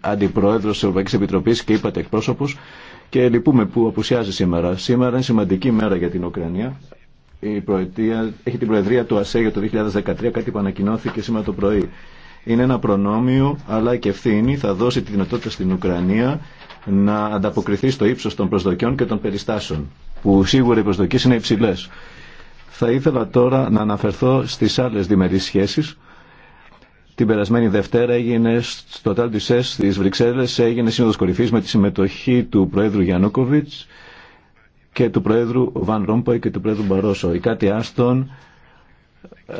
Αντιπρόεδρος της Ευρωπαϊκής Επιτροπής και είπατε εκπρόσωπος και λυπούμε που απουσιάζει σήμερα. Σήμερα είναι σημαντική μέρα για την Ουκρανία. Η προετία, έχει την Προεδρία του ΑΣΕ για το 2013, κάτι που ανακοινώθηκε σήμερα το πρωί. Είναι ένα προνόμιο, αλλά και ευθύνη, θα δώσει τη δυνατότητα στην Ουκρανία να ανταποκριθεί στο ύψος των προσδοκιών και των περιστάσεων, που σίγουρα οι προσδοκίες είναι υψηλές. Θα ήθελα τώρα να αναφερθώ στις άλλες διμερείς σχέσεις, την περασμένη Δευτέρα έγινε στο Τάλ της ΕΣ Βρυξέλλες έγινε σύνοδος κορυφής με τη συμμετοχή του Προέδρου Γιαννούκοβιτς και του Προέδρου Βαν Ρόμποϊ και του Προέδρου Μπαρόσο. Η Κάτι Άστον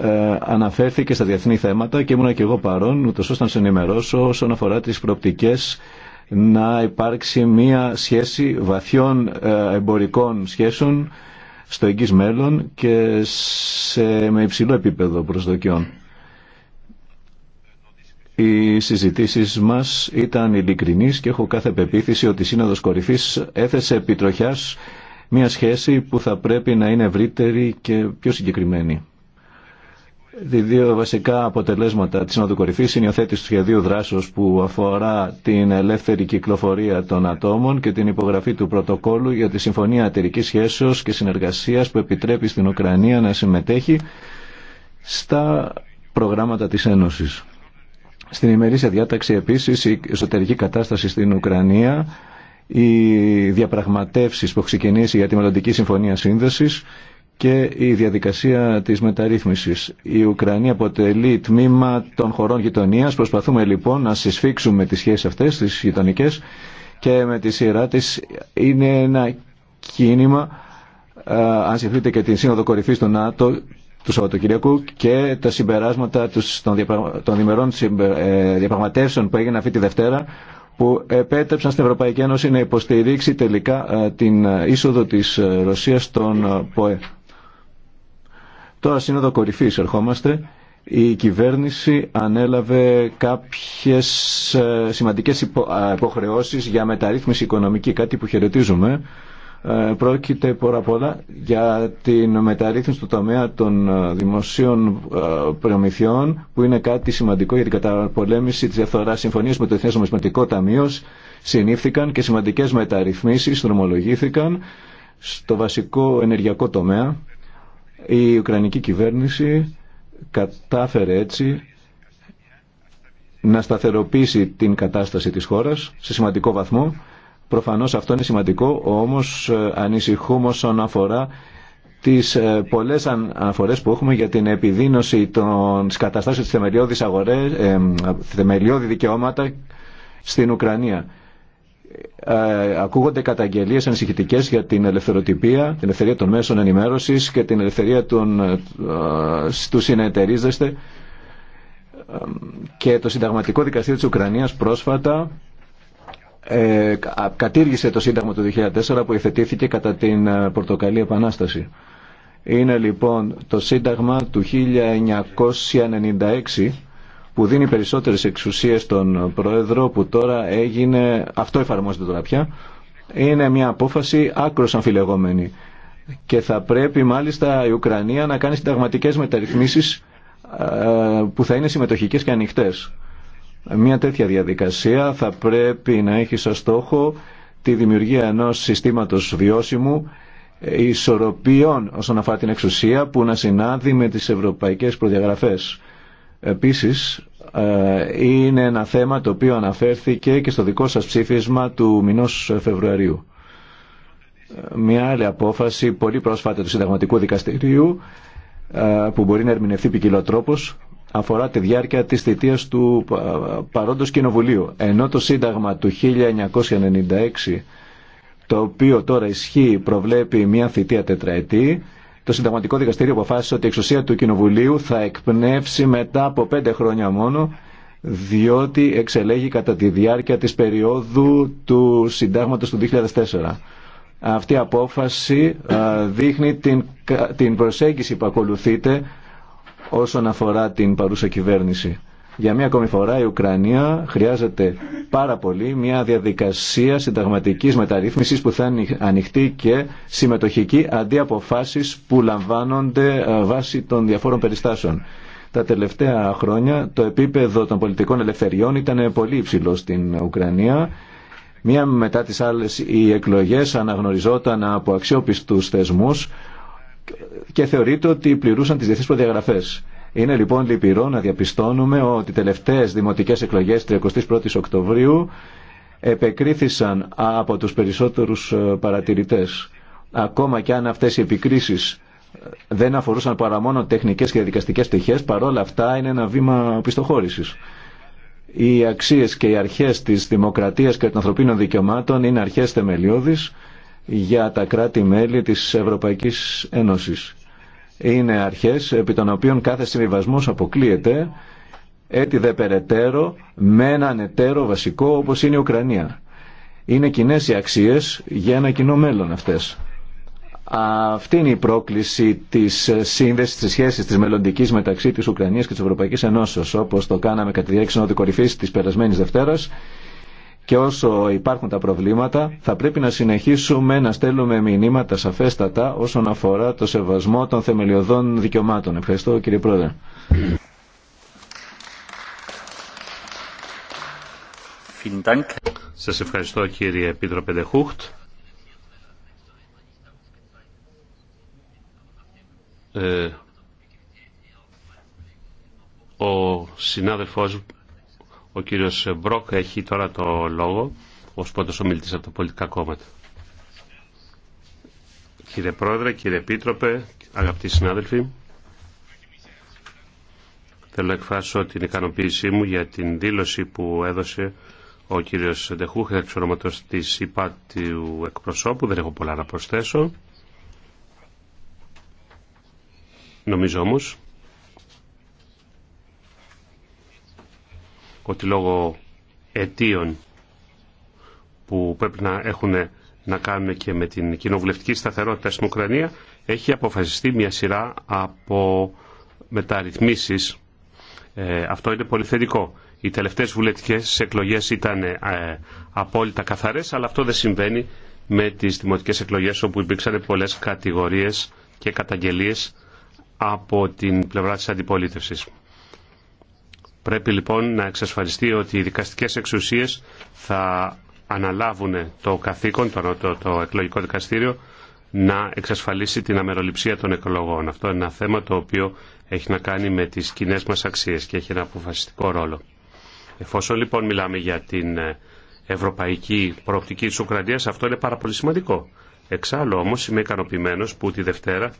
ε, αναφέρθηκε στα διεθνή θέματα και ήμουν και εγώ παρόν ούτως ώστε να σε ενημερώσω όσον αφορά τις προοπτικές να υπάρξει μία σχέση βαθιών ε, εμπορικών σχέσεων στο εγγύς μέλλον και σε, με υψηλό επίπεδο προσδοκιών. Οι συζητήσει μα ήταν ειλικρινεί και έχω κάθε πεποίθηση ότι η Σύνοδος Κορυφής έθεσε επιτροχιά μια σχέση που θα πρέπει να είναι ευρύτερη και πιο συγκεκριμένη. Οι δύο βασικά αποτελέσματα της Σύνοδου Κορυφής είναι η οθέτηση του σχεδίου δράσεως που αφορά την ελεύθερη κυκλοφορία των ατόμων και την υπογραφή του πρωτοκόλου για τη Συμφωνία Ατερικής Σχέσεως και Συνεργασίας που επιτρέπει στην Ουκρανία να συμμετέχει στα προγράμματα της Ένωση. Στην ημερήσια διάταξη επίσης η εσωτερική κατάσταση στην Ουκρανία, οι διαπραγματεύσεις που έχουν ξεκινήσει για τη Μελλοντική Συμφωνία Σύνδεσης και η διαδικασία της μεταρρύθμισης. Η Ουκρανία αποτελεί τμήμα των χωρών γειτονία. Προσπαθούμε λοιπόν να συσφίξουμε τις σχέσεις αυτές, τις γειτονικέ και με τη σειρά της είναι ένα κίνημα αν σκεφτείτε και την Σύνοδο Κορυφής του ΝΑΤΟ του Σαββατοκυριακού και τα συμπεράσματα των ημερών ε, διαπραγματεύσεων που έγιναν αυτή τη Δευτέρα που επέτρεψαν στην Ευρωπαϊκή Ένωση να υποστηρίξει τελικά ε, την ε, είσοδο της Ρωσίας στον ΠΟΕ. Τώρα σύνοδο κορυφής ερχόμαστε. Η κυβέρνηση ανέλαβε κάποιες σημαντικές υποχρεώσεις για μεταρρύθμιση οικονομική, κάτι που χαιρετίζουμε. Ε, πρόκειται πολλά πολλά για την μεταρρύθμιση του τομέα των ε, δημοσίων ε, προμηθειών που είναι κάτι σημαντικό για την καταπολέμηση της διαφθοράς συμφωνίας με το Εθνές Νομισματικό Ταμείο συνήφθηκαν και σημαντικές μεταρρυθμίσεις δρομολογήθηκαν στο βασικό ενεργειακό τομέα η Ουκρανική κυβέρνηση κατάφερε έτσι να σταθεροποιήσει την κατάσταση της χώρας σε σημαντικό βαθμό Προφανώς αυτό είναι σημαντικό, όμως ε, ανησυχούμε όσον αφορά τις ε, πολλές αναφορές που έχουμε για την επιδείνωση των, καταστάσεων της θεμελιώδης αγορές, ε, θεμελιώδη δικαιώματα στην Ουκρανία. ακούγονται καταγγελίες ανησυχητικές για την ελευθεροτυπία, την ελευθερία των μέσων ενημέρωσης και την ελευθερία των, του συνεταιρίζεστε και το Συνταγματικό Δικαστήριο της Ουκρανίας πρόσφατα ε, κατήργησε το Σύνταγμα του 2004 που υφετήθηκε κατά την ε, Πορτοκαλή Επανάσταση. Είναι λοιπόν το Σύνταγμα του 1996 που δίνει περισσότερες εξουσίες στον Πρόεδρο που τώρα έγινε, αυτό εφαρμόζεται τώρα πια, είναι μια απόφαση άκρος αμφιλεγόμενη και θα πρέπει μάλιστα η Ουκρανία να κάνει συνταγματικές μεταρρυθμίσεις ε, που θα είναι συμμετοχικές και ανοιχτές. Μια τέτοια διαδικασία θα πρέπει να έχει σαν στόχο τη δημιουργία ενός συστήματος βιώσιμου ισορροπιών όσον αφορά την εξουσία που να συνάδει με τις ευρωπαϊκές προδιαγραφές. Επίσης, ε, είναι ένα θέμα το οποίο αναφέρθηκε και στο δικό σας ψήφισμα του μηνός Φεβρουαρίου. Μια άλλη απόφαση πολύ πρόσφατα του Συνταγματικού Δικαστηρίου ε, που μπορεί να ερμηνευτεί τρόπος αφορά τη διάρκεια της θητείας του ε, παρόντος κοινοβουλίου. Ενώ το Σύνταγμα του 1996, το οποίο τώρα ισχύει, προβλέπει μια θητεία τετραετή, το Συνταγματικό Δικαστήριο αποφάσισε ότι η εξουσία του Κοινοβουλίου θα εκπνεύσει μετά από πέντε χρόνια μόνο, διότι εξελέγει κατά τη διάρκεια της περίοδου του Συντάγματος του 2004. Αυτή η απόφαση ε, δείχνει την προσέγγιση που ακολουθείται όσον αφορά την παρούσα κυβέρνηση. Για μία ακόμη φορά η Ουκρανία χρειάζεται πάρα πολύ μια διαδικασία συνταγματικής μεταρρύθμισης που θα είναι ανοιχτή και συμμετοχική αντί αποφάσεις που λαμβάνονται ε, βάσει των διαφόρων περιστάσεων. Τα τελευταία χρόνια το επίπεδο των πολιτικών ελευθεριών ήταν πολύ υψηλό στην Ουκρανία. Μία μετά τις άλλες οι εκλογές αναγνωριζόταν από αξιόπιστους θεσμούς και θεωρείται ότι πληρούσαν τις διεθνείς προδιαγραφές. Είναι λοιπόν λυπηρό να διαπιστώνουμε ότι οι τελευταίες δημοτικές εκλογές 31 Οκτωβρίου επεκρίθησαν από τους περισσότερους ε, παρατηρητές. Ακόμα και αν αυτές οι επικρίσεις ε, δεν αφορούσαν παρά μόνο τεχνικές και δικαστικές στοιχές, παρόλα αυτά είναι ένα βήμα πιστοχώρησης. Οι αξίες και οι αρχές της δημοκρατίας και των ανθρωπίνων δικαιωμάτων είναι αρχές θεμελιώδης για τα κράτη-μέλη της Ευρωπαϊκής Ένωσης. Είναι αρχές επί των οποίων κάθε συμβιβασμός αποκλείεται έτσι δε περαιτέρω με έναν εταίρο βασικό όπως είναι η Ουκρανία. Είναι κοινέ οι αξίες για ένα κοινό μέλλον αυτές. Αυτή είναι η πρόκληση της σύνδεσης της σχέσης της μελλοντική μεταξύ της Ουκρανίας και της Ευρωπαϊκής Ενώσεως όπως το κάναμε κατά τη διάρκεια κορυφής της περασμένης Δευτέρας και όσο υπάρχουν τα προβλήματα, θα πρέπει να συνεχίσουμε να στέλνουμε μηνύματα σαφέστατα όσον αφορά το σεβασμό των θεμελιωδών δικαιωμάτων. Ευχαριστώ κύριε Πρόεδρε. Σας ευχαριστώ κύριε Επίτροπε Πεντεχούχτ. ο συνάδελφός ο κύριος Μπρόκ έχει τώρα το λόγο ως πρώτος ομιλητής από τα πολιτικά κόμματα. Κύριε Πρόεδρε, κύριε Επίτροπε, αγαπητοί συνάδελφοι, θέλω να εκφράσω την ικανοποίησή μου για την δήλωση που έδωσε ο κύριος Ντεχούχ, εξ ονόματος της ΥΠΑ του εκπροσώπου, δεν έχω πολλά να προσθέσω. Νομίζω όμως ότι λόγω αιτίων που πρέπει να έχουν να κάνουν και με την κοινοβουλευτική σταθερότητα στην Ουκρανία έχει αποφασιστεί μια σειρά από μεταρρυθμίσεις. Ε, αυτό είναι πολύ θετικό. Οι τελευταίες βουλευτικές εκλογές ήταν ε, απόλυτα καθαρές, αλλά αυτό δεν συμβαίνει με τις δημοτικές εκλογές όπου υπήρξαν πολλές κατηγορίες και καταγγελίες από την πλευρά της αντιπολίτευσης. Πρέπει λοιπόν να εξασφαλιστεί ότι οι δικαστικές εξουσίες θα αναλάβουν το καθήκον, το, το, το εκλογικό δικαστήριο, να εξασφαλίσει την αμεροληψία των εκλογών. Αυτό είναι ένα θέμα το οποίο έχει να κάνει με τις κοινέ μας αξίες και έχει ένα αποφασιστικό ρόλο. Εφόσον λοιπόν μιλάμε για την ε, ευρωπαϊκή προοπτική της Ουκρανίας, αυτό είναι πάρα πολύ σημαντικό. Εξάλλου όμως είμαι ικανοποιημένο που τη Δευτέρα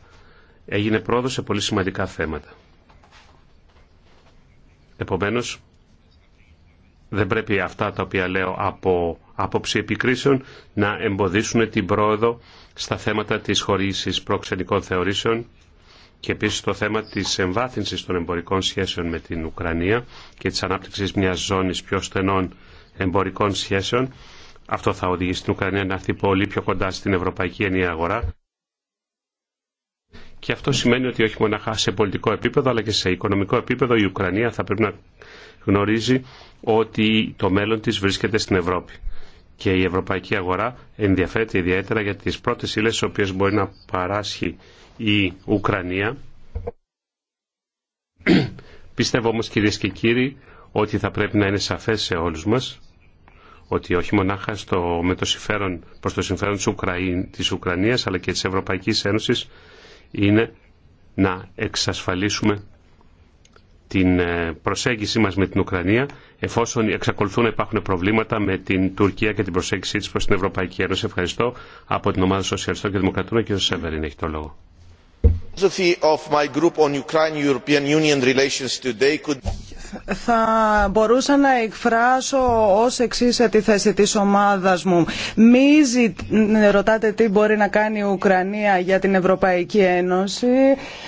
έγινε πρόοδο σε πολύ σημαντικά θέματα. Επομένως, δεν πρέπει αυτά τα οποία λέω από άποψη επικρίσεων να εμποδίσουν την πρόοδο στα θέματα της χωρίσης προξενικών θεωρήσεων και επίσης το θέμα της εμβάθυνσης των εμπορικών σχέσεων με την Ουκρανία και της ανάπτυξης μιας ζώνης πιο στενών εμπορικών σχέσεων. Αυτό θα οδηγήσει την Ουκρανία να έρθει πολύ πιο κοντά στην ευρωπαϊκή Ενία αγορά και αυτό σημαίνει ότι όχι μοναχά σε πολιτικό επίπεδο αλλά και σε οικονομικό επίπεδο η Ουκρανία θα πρέπει να γνωρίζει ότι το μέλλον της βρίσκεται στην Ευρώπη. Και η ευρωπαϊκή αγορά ενδιαφέρεται ιδιαίτερα για τις πρώτες ύλες τις οποίες μπορεί να παράσχει η Ουκρανία. Πιστεύω όμως κυρίες και κύριοι ότι θα πρέπει να είναι σαφές σε όλους μας ότι όχι μονάχα στο, με το συμφέρον, προς το συμφέρον της, Ουκρανίας αλλά και της Ευρωπαϊκής Ένωσης είναι να εξασφαλίσουμε την ε, προσέγγιση μας με την Ουκρανία εφόσον εξακολουθούν να υπάρχουν προβλήματα με την Τουρκία και την προσέγγιση της προς την Ευρωπαϊκή Ένωση. Ευχαριστώ από την ομάδα Σοσιαλιστών και Δημοκρατών και ο Σεβερίν έχει το λόγο θα μπορούσα να εκφράσω ως εξής τη θέση της ομάδας μου. Μη ζη... Ε, ρωτάτε τι μπορεί να κάνει η Ουκρανία για την Ευρωπαϊκή Ένωση.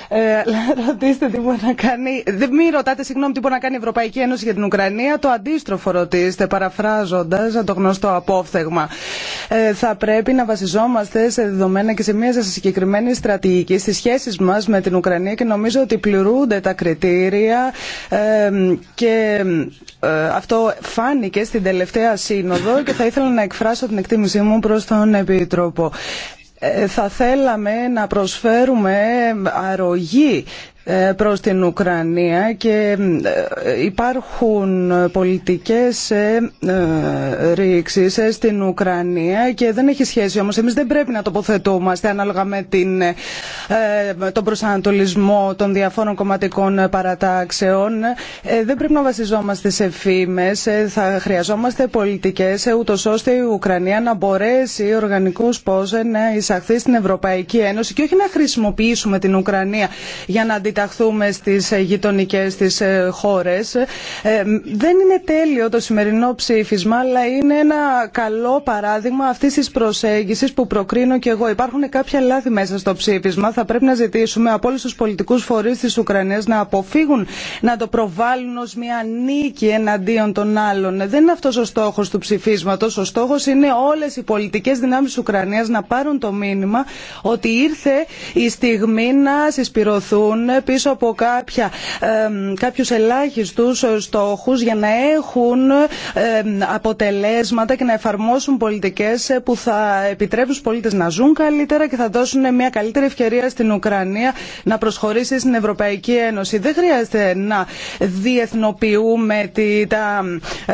Ε, ρωτήστε τι μπορεί να κάνει... Μη ρωτάτε, συγγνώμη, τι μπορεί να κάνει η Ευρωπαϊκή Ένωση για την Ουκρανία. Το αντίστροφο ρωτήστε, παραφράζοντας το γνωστό απόφθεγμα. Ε, θα πρέπει να βασιζόμαστε σε δεδομένα και σε μια συγκεκριμένη στρατηγική στις σχέσεις μας με την Ουκρανία και νομίζω ότι πληρούνται τα κριτήρια ε, και ε, αυτό φάνηκε στην τελευταία σύνοδο και θα ήθελα να εκφράσω την εκτίμησή μου προς τον Επίτροπο ε, θα θέλαμε να προσφέρουμε αρρωγή ε, προς την Ουκρανία και ε, υπάρχουν πολιτικές ε, ρήξεις στην Ουκρανία και δεν έχει σχέση όμως εμείς δεν πρέπει να τοποθετούμαστε ανάλογα με την, τον προσανατολισμό των διαφόρων κομματικών παρατάξεων δεν πρέπει να βασιζόμαστε σε φήμες θα χρειαζόμαστε πολιτικές ούτως ώστε η Ουκρανία να μπορέσει οργανικούς πώς να εισαχθεί στην Ευρωπαϊκή Ένωση και όχι να χρησιμοποιήσουμε την Ουκρανία για να επιταχθούμε στις ε, γειτονικές της ε, χώρες. Ε, δεν είναι τέλειο το σημερινό ψήφισμα, αλλά είναι ένα καλό παράδειγμα αυτής της προσέγγισης που προκρίνω και εγώ. Υπάρχουν κάποια λάθη μέσα στο ψήφισμα. Θα πρέπει να ζητήσουμε από όλους τους πολιτικούς φορείς της Ουκρανίας να αποφύγουν να το προβάλλουν ως μια νίκη εναντίον των άλλων. Δεν είναι αυτός ο στόχος του ψηφίσματος. Ο στόχος είναι όλες οι πολιτικές δυνάμεις της Ουκρανίας να πάρουν το μήνυμα ότι ήρθε η στιγμή να συσπηρωθούν πίσω από κάποιου κάποιους ελάχιστους στόχους για να έχουν αποτελέσματα και να εφαρμόσουν πολιτικές που θα επιτρέψουν στους πολίτες να ζουν καλύτερα και θα δώσουν μια καλύτερη ευκαιρία στην Ουκρανία να προσχωρήσει στην Ευρωπαϊκή Ένωση. Δεν χρειάζεται να διεθνοποιούμε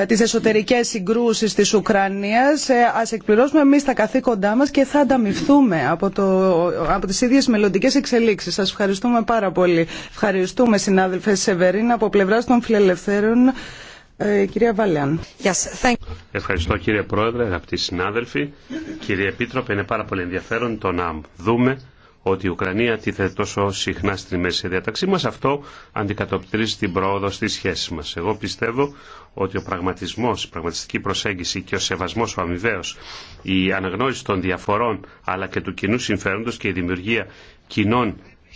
τις εσωτερικές συγκρούσεις της Ουκρανίας. Ε, ας εκπληρώσουμε εμείς τα καθήκοντά μας και θα ανταμυφθούμε από, το, από τις ίδιες μελλοντικές εξελίξεις. Σας ευχαριστούμε πάρα πολύ. Ευχαριστούμε συνάδελφε Σεβερίν από πλευρά των φιλελευθέρων. Ε, κυρία Βαλέαν. Yes, thank Ευχαριστώ κύριε Πρόεδρε, αγαπητοί συνάδελφοι. Κύριε Επίτροπε, είναι πάρα πολύ ενδιαφέρον το να δούμε ότι η Ουκρανία τίθεται τόσο συχνά στην μέση διαταξή μας, αυτό αντικατοπτρίζει την πρόοδο στη σχέση μας. Εγώ πιστεύω ότι ο πραγματισμός, η πραγματιστική προσέγγιση και ο σεβασμός ο αμοιβαίος, η αναγνώριση των διαφορών αλλά και του κοινού συμφέροντος και η δημιουργία κοινών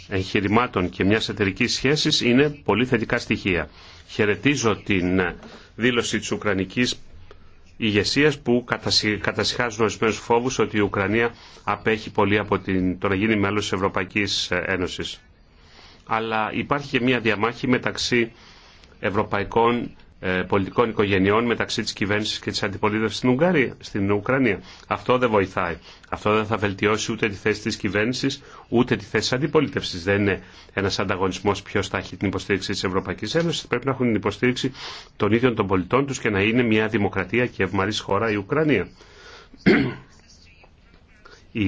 εγχειρημάτων και μιας εταιρική σχέσης είναι πολύ θετικά στοιχεία. Χαιρετίζω την δήλωση της Ουκρανικής ηγεσία που κατασυχάζουν ορισμένου φόβου ότι η Ουκρανία απέχει πολύ από την, το να γίνει μέλο τη Ευρωπαϊκή Ένωση. Αλλά υπάρχει και μια διαμάχη μεταξύ ευρωπαϊκών ε, πολιτικών οικογενειών μεταξύ της κυβέρνησης και της αντιπολίτευσης στην, Ουγγαρία, στην Ουκρανία. Αυτό δεν βοηθάει. Αυτό δεν θα βελτιώσει ούτε τη θέση της κυβέρνησης, ούτε τη θέση της αντιπολίτευσης. Δεν είναι ένας ανταγωνισμός ποιο θα έχει την υποστήριξη της Ευρωπαϊκής Ένωσης. Πρέπει να έχουν την υποστήριξη των ίδιων των πολιτών τους και να είναι μια δημοκρατία και ευμαρής χώρα η Ουκρανία. η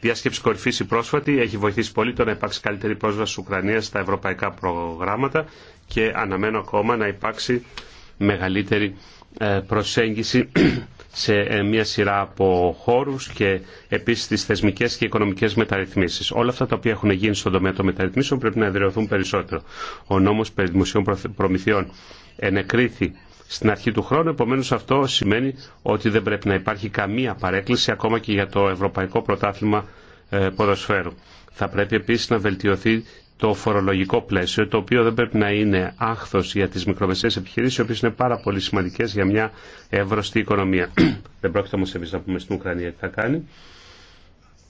διάσκεψη κορυφή η πρόσφατη έχει βοηθήσει πολύ το να υπάρξει καλύτερη πρόσβαση τη Ουκρανία στα ευρωπαϊκά προγράμματα και αναμένω ακόμα να υπάρξει μεγαλύτερη ε, προσέγγιση σε ε, μια σειρά από χώρους και επίσης τις θεσμικές και οικονομικές μεταρρυθμίσεις. Όλα αυτά τα οποία έχουν γίνει στον τομέα των μεταρρυθμίσεων πρέπει να εδραιωθούν περισσότερο. Ο νόμος περί δημοσίων προμηθειών ενεκρίθη στην αρχή του χρόνου, επομένω αυτό σημαίνει ότι δεν πρέπει να υπάρχει καμία παρέκκληση ακόμα και για το Ευρωπαϊκό Πρωτάθλημα ε, Ποδοσφαίρου. Θα πρέπει επίση να βελτιωθεί το φορολογικό πλαίσιο, το οποίο δεν πρέπει να είναι άχθος για τις μικρομεσαίες επιχειρήσεις, οι οποίες είναι πάρα πολύ σημαντικές για μια εύρωστη οικονομία. δεν πρόκειται όμως εμείς να πούμε στην Ουκρανία τι θα κάνει.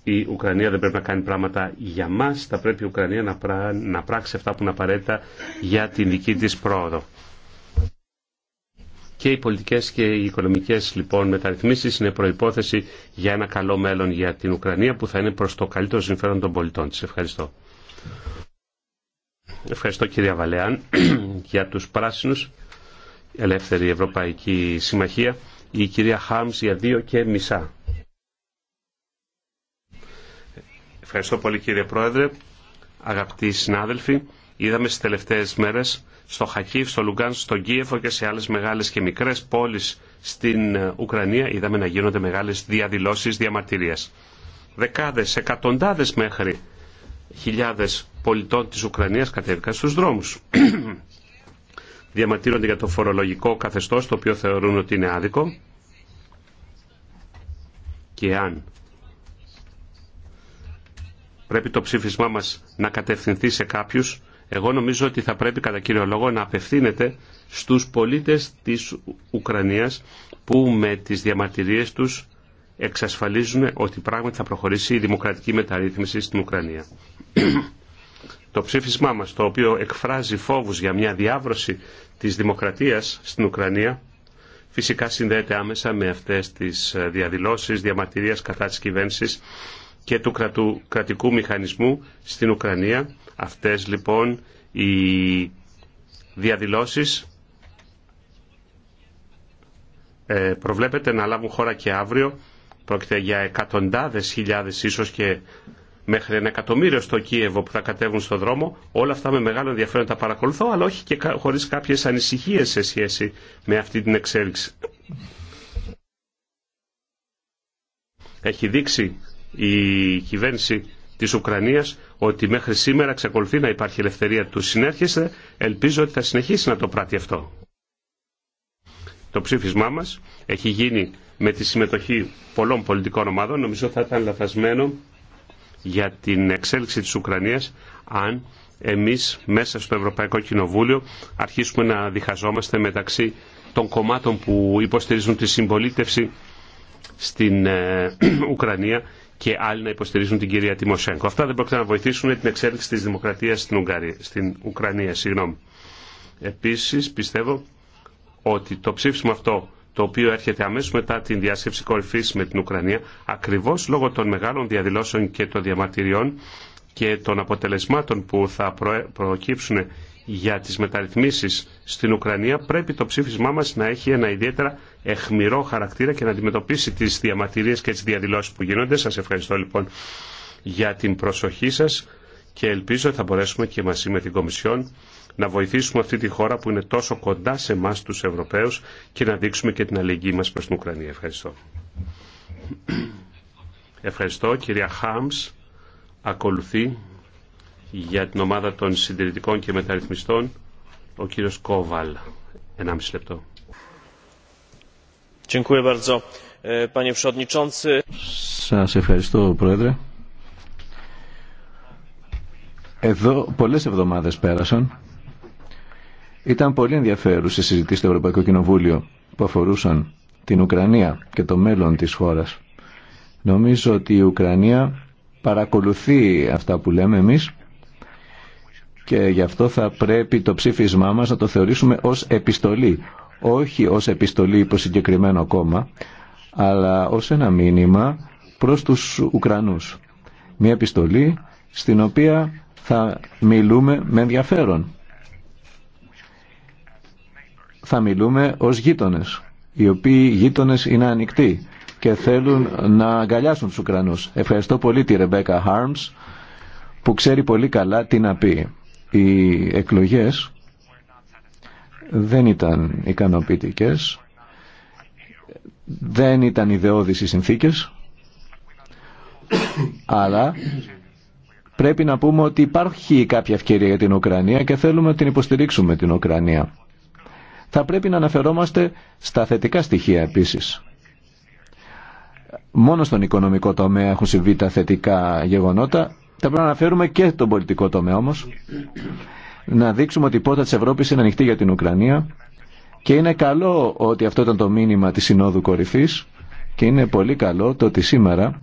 Η Ουκρανία δεν πρέπει να κάνει πράγματα για μας, θα πρέπει η Ουκρανία να, να πράξει αυτά που είναι απαραίτητα για την δική της πρόοδο. Και οι πολιτικές και οι οικονομικές λοιπόν μεταρρυθμίσεις είναι προϋπόθεση για ένα καλό μέλλον για την Ουκρανία που θα είναι προ το καλύτερο συμφέρον των πολιτών τη. Ευχαριστώ. Ευχαριστώ κυρία Βαλεάν για τους πράσινους Ελεύθερη Ευρωπαϊκή Συμμαχία η κυρία Χάμς για δύο και μισά. Ευχαριστώ πολύ κύριε Πρόεδρε, αγαπητοί συνάδελφοι. Είδαμε στις τελευταίες μέρες στο Χακίβ, στο Λουγκάν, στο Κίεφο και σε άλλες μεγάλες και μικρές πόλεις στην ε, Ουκρανία είδαμε να γίνονται μεγάλες διαδηλώσεις διαμαρτυρίας. Δεκάδες, εκατοντάδες μέχρι χιλιάδες πολιτών της Ουκρανίας κατέβηκαν στους δρόμους. Διαμαρτύρονται για το φορολογικό καθεστώς το οποίο θεωρούν ότι είναι άδικο και αν πρέπει το ψήφισμά μας να κατευθυνθεί σε κάποιους εγώ νομίζω ότι θα πρέπει κατά κύριο λόγο να απευθύνεται στους πολίτες της Ουκρανίας που με τις διαμαρτυρίες τους εξασφαλίζουν ότι πράγματι θα προχωρήσει η δημοκρατική μεταρρύθμιση στην Ουκρανία. Το ψήφισμά μας, το οποίο εκφράζει φόβους για μια διάβρωση της δημοκρατίας στην Ουκρανία, φυσικά συνδέεται άμεσα με αυτές τις ε, διαδηλώσεις διαμαρτυρίας κατά της κυβέρνησης και του κρατου, κρατικού μηχανισμού στην Ουκρανία. Αυτές λοιπόν οι διαδηλώσεις ε, προβλέπεται να λάβουν χώρα και αύριο. Πρόκειται για εκατοντάδες χιλιάδες ίσως και μέχρι ένα εκατομμύριο στο Κίεβο που θα κατέβουν στον δρόμο. Όλα αυτά με μεγάλο ενδιαφέρον τα παρακολουθώ, αλλά όχι και χωρίς κάποιες ανησυχίες σε σχέση με αυτή την εξέλιξη. Έχει δείξει η κυβέρνηση της Ουκρανίας ότι μέχρι σήμερα ξεκολουθεί να υπάρχει ελευθερία του Συνέρχεστε, Ελπίζω ότι θα συνεχίσει να το πράττει αυτό. Το ψήφισμά μας έχει γίνει με τη συμμετοχή πολλών πολιτικών ομάδων. Νομίζω θα ήταν λαθασμένο για την εξέλιξη της Ουκρανίας αν εμείς μέσα στο Ευρωπαϊκό Κοινοβούλιο αρχίσουμε να διχαζόμαστε μεταξύ των κομμάτων που υποστηρίζουν τη συμπολίτευση στην ε, Ουκρανία και άλλοι να υποστηρίζουν την κυρία Τιμοσέγκο. Αυτά δεν πρόκειται να βοηθήσουν την εξέλιξη της δημοκρατίας στην, Ουγγαρία, στην Ουκρανία. Συγγνώμη. Επίσης πιστεύω ότι το ψήφισμα αυτό το οποίο έρχεται αμέσως μετά την διάσκεψη κορυφής με την Ουκρανία, ακριβώς λόγω των μεγάλων διαδηλώσεων και των διαμαρτυριών και των αποτελεσμάτων που θα προκύψουν για τις μεταρρυθμίσεις στην Ουκρανία, πρέπει το ψήφισμά μας να έχει ένα ιδιαίτερα εχμηρό χαρακτήρα και να αντιμετωπίσει τις διαμαρτυρίες και τις διαδηλώσεις που γίνονται. Σας ευχαριστώ λοιπόν για την προσοχή σας και ελπίζω θα μπορέσουμε και μαζί με την Κομισιόν να βοηθήσουμε αυτή τη χώρα που είναι τόσο κοντά σε εμά τους Ευρωπαίους και να δείξουμε και την αλληλεγγύη μας προς την Ουκρανία. Ευχαριστώ. Ευχαριστώ. Κυρία Χάμς, ακολουθεί για την ομάδα των συντηρητικών και μεταρρυθμιστών ο κύριος Κόβαλ. 1,5 λεπτό. E, Σας ευχαριστώ, Πρόεδρε. Εδώ πολλές εβδομάδες πέρασαν ήταν πολύ ενδιαφέρουσε συζητήσει στο Ευρωπαϊκό Κοινοβούλιο που αφορούσαν την Ουκρανία και το μέλλον της χώρας. Νομίζω ότι η Ουκρανία παρακολουθεί αυτά που λέμε εμείς και γι' αυτό θα πρέπει το ψήφισμά μας να το θεωρήσουμε ως επιστολή. Όχι ως επιστολή υπό συγκεκριμένο κόμμα, αλλά ως ένα μήνυμα προς τους Ουκρανούς. Μια επιστολή στην οποία θα μιλούμε με ενδιαφέρον θα μιλούμε ως γείτονες, οι οποίοι γείτονες είναι ανοιχτοί και θέλουν να αγκαλιάσουν τους Ουκρανούς. Ευχαριστώ πολύ τη Ρεμπέκα Χάρμς που ξέρει πολύ καλά τι να πει. Οι εκλογές δεν ήταν ικανοποιητικές, δεν ήταν ιδεώδεις οι συνθήκες, αλλά πρέπει να πούμε ότι υπάρχει κάποια ευκαιρία για την Ουκρανία και θέλουμε να την υποστηρίξουμε την Ουκρανία θα πρέπει να αναφερόμαστε στα θετικά στοιχεία επίσης. Μόνο στον οικονομικό τομέα έχουν συμβεί τα θετικά γεγονότα. Θα πρέπει να αναφέρουμε και τον πολιτικό τομέα όμως. Να δείξουμε ότι η πόρτα της Ευρώπης είναι ανοιχτή για την Ουκρανία και είναι καλό ότι αυτό ήταν το μήνυμα της Συνόδου Κορυφής και είναι πολύ καλό το ότι σήμερα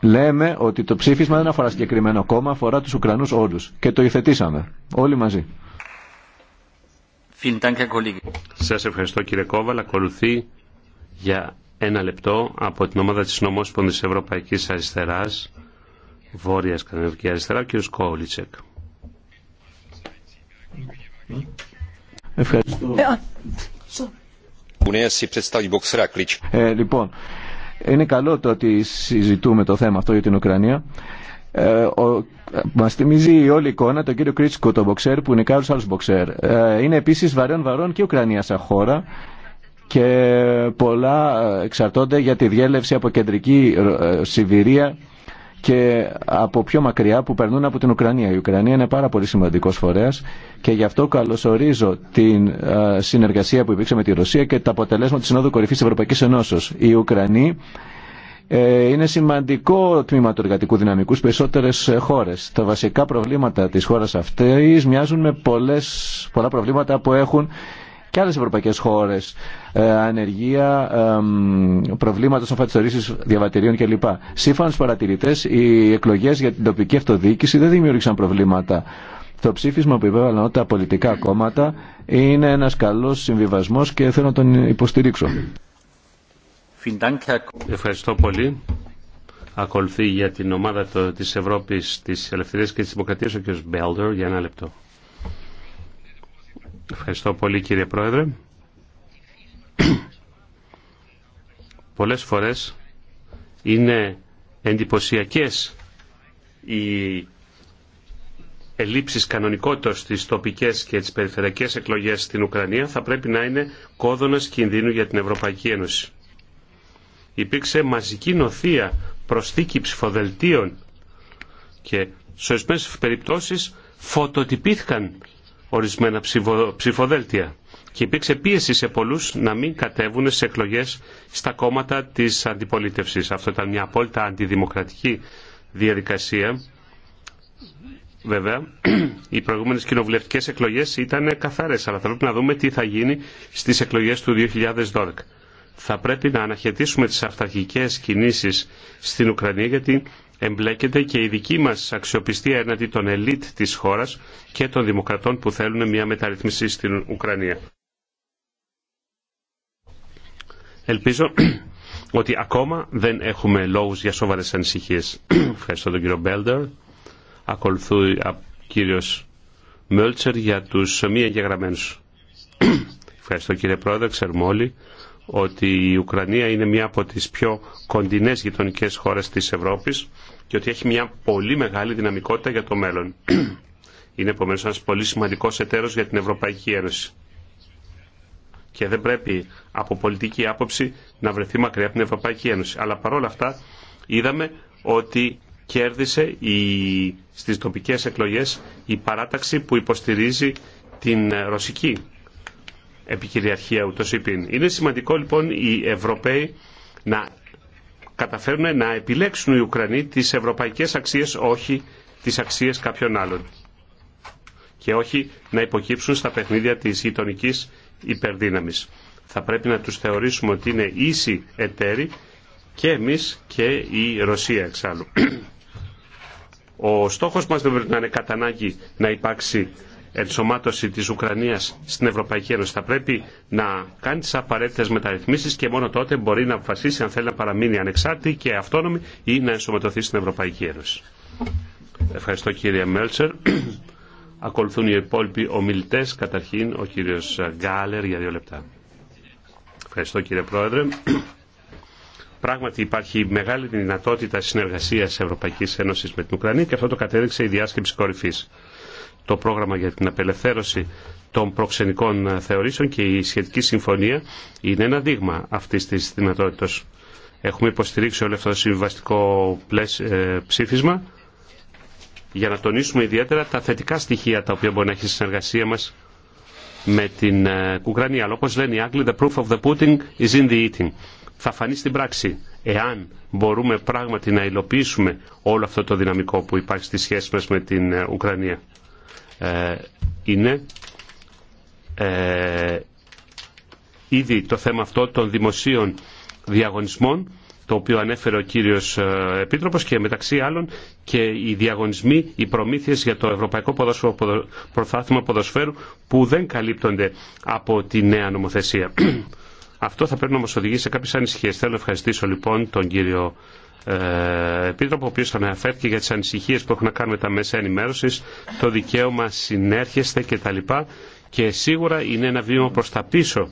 λέμε ότι το ψήφισμα δεν αφορά συγκεκριμένο κόμμα, αφορά τους Ουκρανούς όλους και το υθετήσαμε όλοι μαζί. Σα ευχαριστώ κύριε Κόβαλ. Ακολουθεί για ένα λεπτό από την ομάδα της Νομόσπονδης Ευρωπαϊκής Αριστεράς, Βόρειας Καναδική Αριστερά, ο κ. Κόουλιτσεκ. Ευχαριστώ. Ε, ε, λοιπόν, είναι καλό το ότι συζητούμε το θέμα αυτό για την Ουκρανία. Ε, μας θυμίζει η όλη εικόνα τον κύριο Κρίτσικο, τον μποξέρ που είναι κάποιο άλλους μποξέρ. Ε, είναι επίσης βαρέων βαρών και η Ουκρανία σαν χώρα και πολλά ε, εξαρτώνται για τη διέλευση από κεντρική ε, Σιβηρία και από πιο μακριά που περνούν από την Ουκρανία. Η Ουκρανία είναι πάρα πολύ σημαντικό φορέα και γι' αυτό καλωσορίζω την συνεργασία που υπήρξε με τη Ρωσία και το αποτελέσμα τη Συνόδου Κορυφή Ευρωπαϊκή Ενώσεω. Ε, είναι σημαντικό τμήμα του εργατικού δυναμικού στις περισσότερες ε, χώρες. Τα βασικά προβλήματα της χώρας αυτής μοιάζουν με πολλές, πολλά προβλήματα που έχουν και άλλες ευρωπαϊκές χώρες, ε, ανεργία, ε, προβλήματα στον φατιστορήσεις διαβατηρίων κλπ. Σύμφωνα στους παρατηρητές, οι εκλογές για την τοπική αυτοδιοίκηση δεν δημιούργησαν προβλήματα. Το ψήφισμα που υπέβαλαν τα πολιτικά κόμματα είναι ένας καλός συμβιβασμός και θέλω να τον υποστηρίξω. Ευχαριστώ πολύ. Ακολουθεί για την ομάδα της Ευρώπης, της Ελευθερίας και της Δημοκρατίας ο κ. Μπέλντερ για ένα λεπτό. Ευχαριστώ πολύ κύριε Πρόεδρε. Πολλές φορές είναι εντυπωσιακές οι ελλείψεις κανονικότητας στις τοπικές και τις περιφερειακές εκλογές στην Ουκρανία θα πρέπει να είναι κόδωνας κινδύνου για την Ευρωπαϊκή Ένωση υπήρξε μαζική νοθεία προσθήκη ψηφοδελτίων και σε ορισμένε περιπτώσεις φωτοτυπήθηκαν ορισμένα ψηφοδέλτια και υπήρξε πίεση σε πολλούς να μην κατέβουν σε εκλογές στα κόμματα τη αντιπολίτευση. Αυτό ήταν μια απόλυτα αντιδημοκρατική διαδικασία. Βέβαια, οι προηγούμενε κοινοβουλευτικέ εκλογέ ήταν καθαρέ, αλλά θα πρέπει να δούμε τι θα γίνει στι εκλογέ του 2012 θα πρέπει να αναχαιτήσουμε τις αυταρχικές κινήσεις στην Ουκρανία γιατί εμπλέκεται και η δική μας αξιοπιστία έναντι των ελίτ της χώρας και των δημοκρατών που θέλουν μια μεταρρυθμίση στην Ουκρανία. Ελπίζω ότι ακόμα δεν έχουμε λόγους για σοβαρές ανησυχίες. Ευχαριστώ τον κύριο Μπέλντερ. Ακολουθούει ο κύριος Μέλτσερ για τους μη εγγεγραμμένους. Ευχαριστώ κύριε Πρόεδρε, ξέρουμε όλοι ότι η Ουκρανία είναι μία από τις πιο κοντινές γειτονικέ χώρες της Ευρώπης και ότι έχει μια πολύ μεγάλη δυναμικότητα για το μέλλον. Είναι επομένω ένα πολύ σημαντικό εταίρο για την Ευρωπαϊκή Ένωση. Και δεν πρέπει από πολιτική άποψη να βρεθεί μακριά από την Ευρωπαϊκή Ένωση. Αλλά παρόλα αυτά είδαμε ότι κέρδισε η, στις τοπικές εκλογές η παράταξη που υποστηρίζει την ε, ρωσική επικυριαρχία ούτως Είναι σημαντικό λοιπόν οι Ευρωπαίοι να καταφέρουν να επιλέξουν οι Ουκρανοί τις ευρωπαϊκές αξίες, όχι τις αξίες κάποιων άλλων και όχι να υποκύψουν στα παιχνίδια της γειτονική υπερδύναμης. Θα πρέπει να τους θεωρήσουμε ότι είναι ίσοι εταίροι και εμείς και η Ρωσία εξάλλου. Ο στόχος μας δεν πρέπει να είναι κατά να υπάρξει ενσωμάτωση της Ουκρανίας στην Ευρωπαϊκή Ένωση. Θα πρέπει να κάνει τις απαραίτητες μεταρρυθμίσεις και μόνο τότε μπορεί να αποφασίσει αν θέλει να παραμείνει ανεξάρτητη και αυτόνομη ή να ενσωματωθεί στην Ευρωπαϊκή Ένωση. Ευχαριστώ κύριε Μέλτσερ. Ακολουθούν οι υπόλοιποι ομιλητές. Καταρχήν ο κύριος Γκάλερ για δύο λεπτά. Ευχαριστώ κύριε Πρόεδρε. Πράγματι υπάρχει μεγάλη δυνατότητα συνεργασίας Ευρωπαϊκής Ένωσης με την Ουκρανία και αυτό το κατέδειξε η διάσκεψη κορυφή το πρόγραμμα για την απελευθέρωση των προξενικών ε, θεωρήσεων και η σχετική συμφωνία είναι ένα δείγμα αυτή της δυνατότητας. Έχουμε υποστηρίξει όλο αυτό το συμβαστικό ε, ψήφισμα για να τονίσουμε ιδιαίτερα τα θετικά στοιχεία τα οποία μπορεί να έχει η συνεργασία μας με την ε, Ουκρανία. Αλλά όπως λένε οι Άγγλοι, the proof of the pudding is in the eating. Θα φανεί στην πράξη εάν μπορούμε πράγματι να υλοποιήσουμε όλο αυτό το δυναμικό που υπάρχει στη σχέση μας με την Ουκρανία. Ε, είναι ε, ήδη το θέμα αυτό των δημοσίων διαγωνισμών το οποίο ανέφερε ο κύριος ε, Επίτροπος και μεταξύ άλλων και οι διαγωνισμοί, οι προμήθειες για το Ευρωπαϊκό Ποδόσφαιρο, Ποδοσφαίρου που δεν καλύπτονται από τη νέα νομοθεσία. Αυτό θα πρέπει να μας οδηγήσει σε κάποιες ανησυχίες. Θέλω να ευχαριστήσω λοιπόν τον κύριο ε, επίτροπο, ο οποίο αναφέρθηκε για τι ανησυχίε που έχουν να κάνουν με τα μέσα ενημέρωση, το δικαίωμα συνέρχεστε κτλ. Και σίγουρα είναι ένα βήμα προ τα πίσω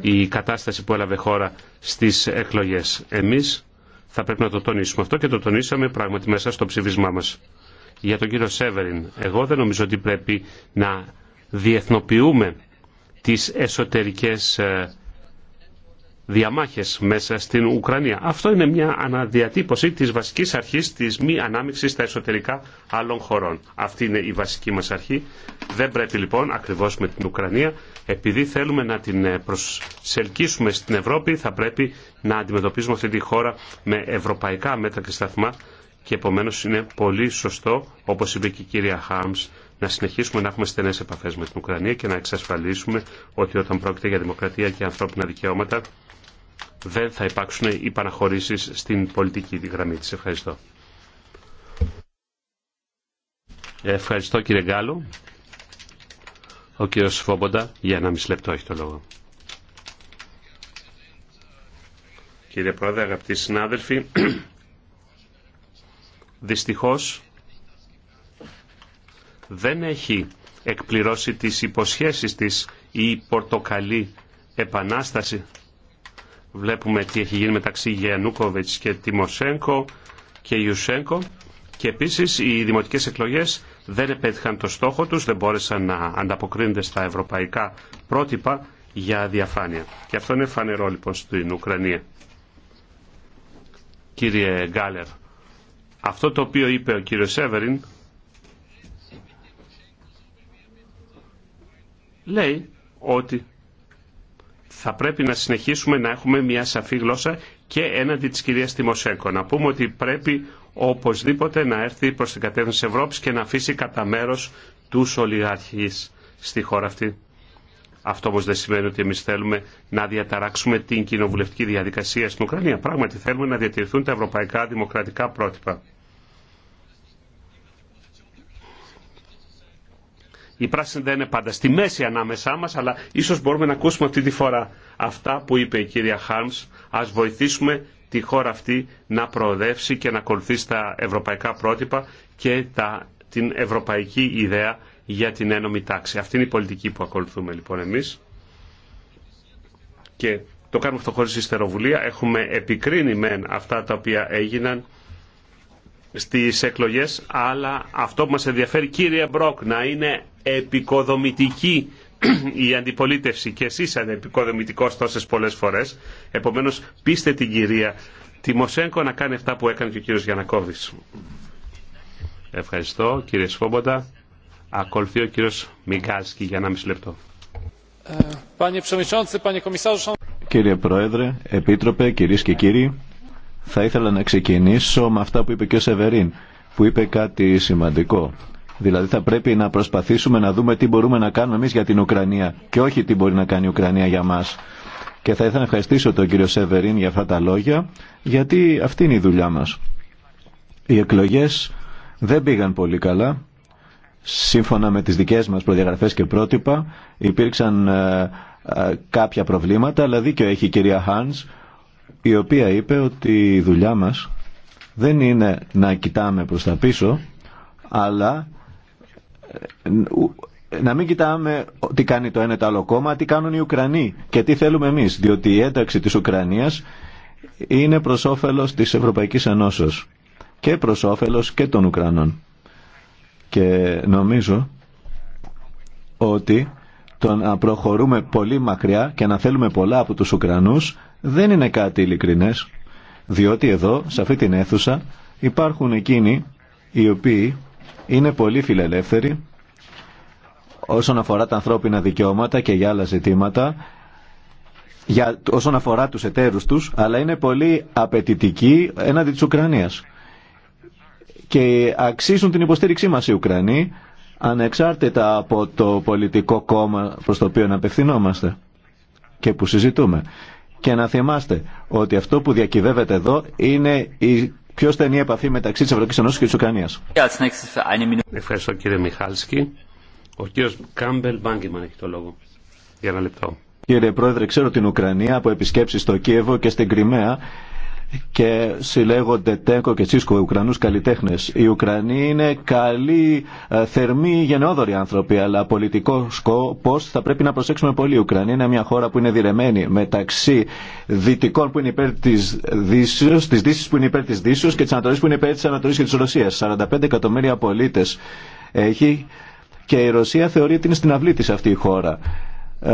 η κατάσταση που έλαβε χώρα στι εκλογέ. Εμεί θα πρέπει να το τονίσουμε αυτό και το τονίσαμε πράγματι μέσα στο ψήφισμά μα. Για τον κύριο Σέβεριν, εγώ δεν νομίζω ότι πρέπει να διεθνοποιούμε τις εσωτερικές ε, διαμάχες μέσα στην Ουκρανία. Αυτό είναι μια αναδιατύπωση της βασικής αρχής της μη ανάμειξης στα εσωτερικά άλλων χωρών. Αυτή είναι η βασική μας αρχή. Δεν πρέπει λοιπόν ακριβώς με την Ουκρανία, επειδή θέλουμε να την ε, προσελκύσουμε στην Ευρώπη, θα πρέπει να αντιμετωπίσουμε αυτή τη χώρα με ευρωπαϊκά μέτρα και σταθμά και επομένω είναι πολύ σωστό, όπως είπε και η κυρία Χάμς, να συνεχίσουμε να έχουμε στενέ επαφέ με την Ουκρανία και να εξασφαλίσουμε ότι όταν πρόκειται για δημοκρατία και ανθρώπινα δικαιώματα δεν θα υπάρξουν οι παραχωρήσεις στην πολιτική γραμμή της. Ευχαριστώ. Ευχαριστώ κύριε Γκάλου. Ο κύριος Φόμποντα, για ένα μισή λεπτό έχει το λόγο. Κύριε Πρόεδρε, αγαπητοί συνάδελφοι, δυστυχώς δεν έχει εκπληρώσει τις υποσχέσεις της η πορτοκαλή επανάσταση Βλέπουμε τι έχει γίνει μεταξύ Γιαννούκοβιτς και Τιμοσέγκο και Ιουσέγκο. Και επίσης οι δημοτικές εκλογές δεν επέτυχαν το στόχο τους, δεν μπόρεσαν να ανταποκρίνονται στα ευρωπαϊκά πρότυπα για διαφάνεια. Και αυτό είναι φανερό λοιπόν στην Ουκρανία. Κύριε Γκάλερ, αυτό το οποίο είπε ο κύριος Σέβεριν λέει ότι θα πρέπει να συνεχίσουμε να έχουμε μια σαφή γλώσσα και έναντι της κυρίας Τιμοσέκο. Να πούμε ότι πρέπει οπωσδήποτε να έρθει προς την κατεύθυνση Ευρώπη Ευρώπης και να αφήσει κατά μέρο τους ολιγαρχείς στη χώρα αυτή. Αυτό όμω δεν σημαίνει ότι εμεί θέλουμε να διαταράξουμε την κοινοβουλευτική διαδικασία στην Ουκρανία. Πράγματι θέλουμε να διατηρηθούν τα ευρωπαϊκά δημοκρατικά πρότυπα. η πράσινη δεν είναι πάντα στη μέση ανάμεσά μας, αλλά ίσως μπορούμε να ακούσουμε αυτή τη φορά αυτά που είπε η κυρία Χάρμς. Ας βοηθήσουμε τη χώρα αυτή να προοδεύσει και να ακολουθεί τα ευρωπαϊκά πρότυπα και τα, την ευρωπαϊκή ιδέα για την ένωμη τάξη. Αυτή είναι η πολιτική που ακολουθούμε λοιπόν εμείς. Και το κάνουμε αυτό χωρίς ιστεροβουλία. Έχουμε επικρίνει μεν αυτά τα οποία έγιναν στις εκλογές, αλλά αυτό που μας ενδιαφέρει κύριε Μπρόκ να είναι επικοδομητική η αντιπολίτευση και εσείς ήταν επικοδομητικός τόσες πολλές φορές. Επομένως πείστε την κυρία Τιμοσέγκο να κάνει αυτά που έκανε και ο κύριος Γιανακόβης. Ευχαριστώ κύριε Σφόμποντα. Ακολουθεί ο κύριος Μιγκάσκι για ένα μισή λεπτό. Κύριε Πρόεδρε, Επίτροπε, κυρίες και κύριοι, θα ήθελα να ξεκινήσω με αυτά που είπε και ο Σεβερίν, που είπε κάτι σημαντικό Δηλαδή θα πρέπει να προσπαθήσουμε να δούμε τι μπορούμε να κάνουμε εμείς για την Ουκρανία και όχι τι μπορεί να κάνει η Ουκρανία για μας. Και θα ήθελα να ευχαριστήσω τον κύριο Σεβερίν για αυτά τα λόγια, γιατί αυτή είναι η δουλειά μας. Οι εκλογές δεν πήγαν πολύ καλά. Σύμφωνα με τις δικές μας προδιαγραφές και πρότυπα υπήρξαν ε, ε, κάποια προβλήματα, αλλά δίκιο έχει η κυρία Χάνς, η οποία είπε ότι η δουλειά μας δεν είναι να κοιτάμε προς τα πίσω, αλλά ε, να μην κοιτάμε τι κάνει το ένα το άλλο κόμμα, τι κάνουν οι Ουκρανοί και τι θέλουμε εμείς, διότι η ένταξη της Ουκρανίας είναι προς όφελος της Ευρωπαϊκής Ενώσεως και προς όφελος και των Ουκρανών. Και νομίζω ότι το να προχωρούμε πολύ μακριά και να θέλουμε πολλά από τους Ουκρανούς δεν είναι κάτι ειλικρινές, διότι εδώ, σε αυτή την αίθουσα, υπάρχουν εκείνοι οι οποίοι είναι πολύ φιλελεύθερη όσον αφορά τα ανθρώπινα δικαιώματα και για άλλα ζητήματα για, όσον αφορά τους εταίρους τους, αλλά είναι πολύ απαιτητική έναντι της Ουκρανίας. Και αξίζουν την υποστήριξή μας οι Ουκρανοί, ανεξάρτητα από το πολιτικό κόμμα προς το οποίο απευθυνόμαστε και που συζητούμε. Και να θυμάστε ότι αυτό που διακυβεύεται εδώ είναι η πιο στενή επαφή μεταξύ της Ευρωπαϊκής Ενώσης και της Ουκρανίας. Ευχαριστώ κύριε Μιχάλσκι. Ο κύριος Κάμπελ Μπάνγκημαν έχει το λόγο. Για ένα λεπτό. Κύριε Πρόεδρε, ξέρω την Ουκρανία από επισκέψεις στο Κίεβο και στην Κρυμαία και συλλέγονται Τέκο και Τσίσκο, Ουκρανού καλλιτέχνε. Οι Ουκρανοί είναι καλοί, ε, θερμοί, γενναιόδοροι άνθρωποι, αλλά πολιτικό σκοπό θα πρέπει να προσέξουμε πολύ. Η Ουκρανία είναι μια χώρα που είναι διρεμένη μεταξύ δυτικών που είναι υπέρ τη Δύσεω, τη Δύση που είναι υπέρ τη Δύσεω και τη Ανατολή που είναι υπέρ τη Ανατολή και τη Ρωσία. 45 εκατομμύρια πολίτε έχει και η Ρωσία θεωρεί ότι είναι στην αυλή τη αυτή η χώρα. Ε,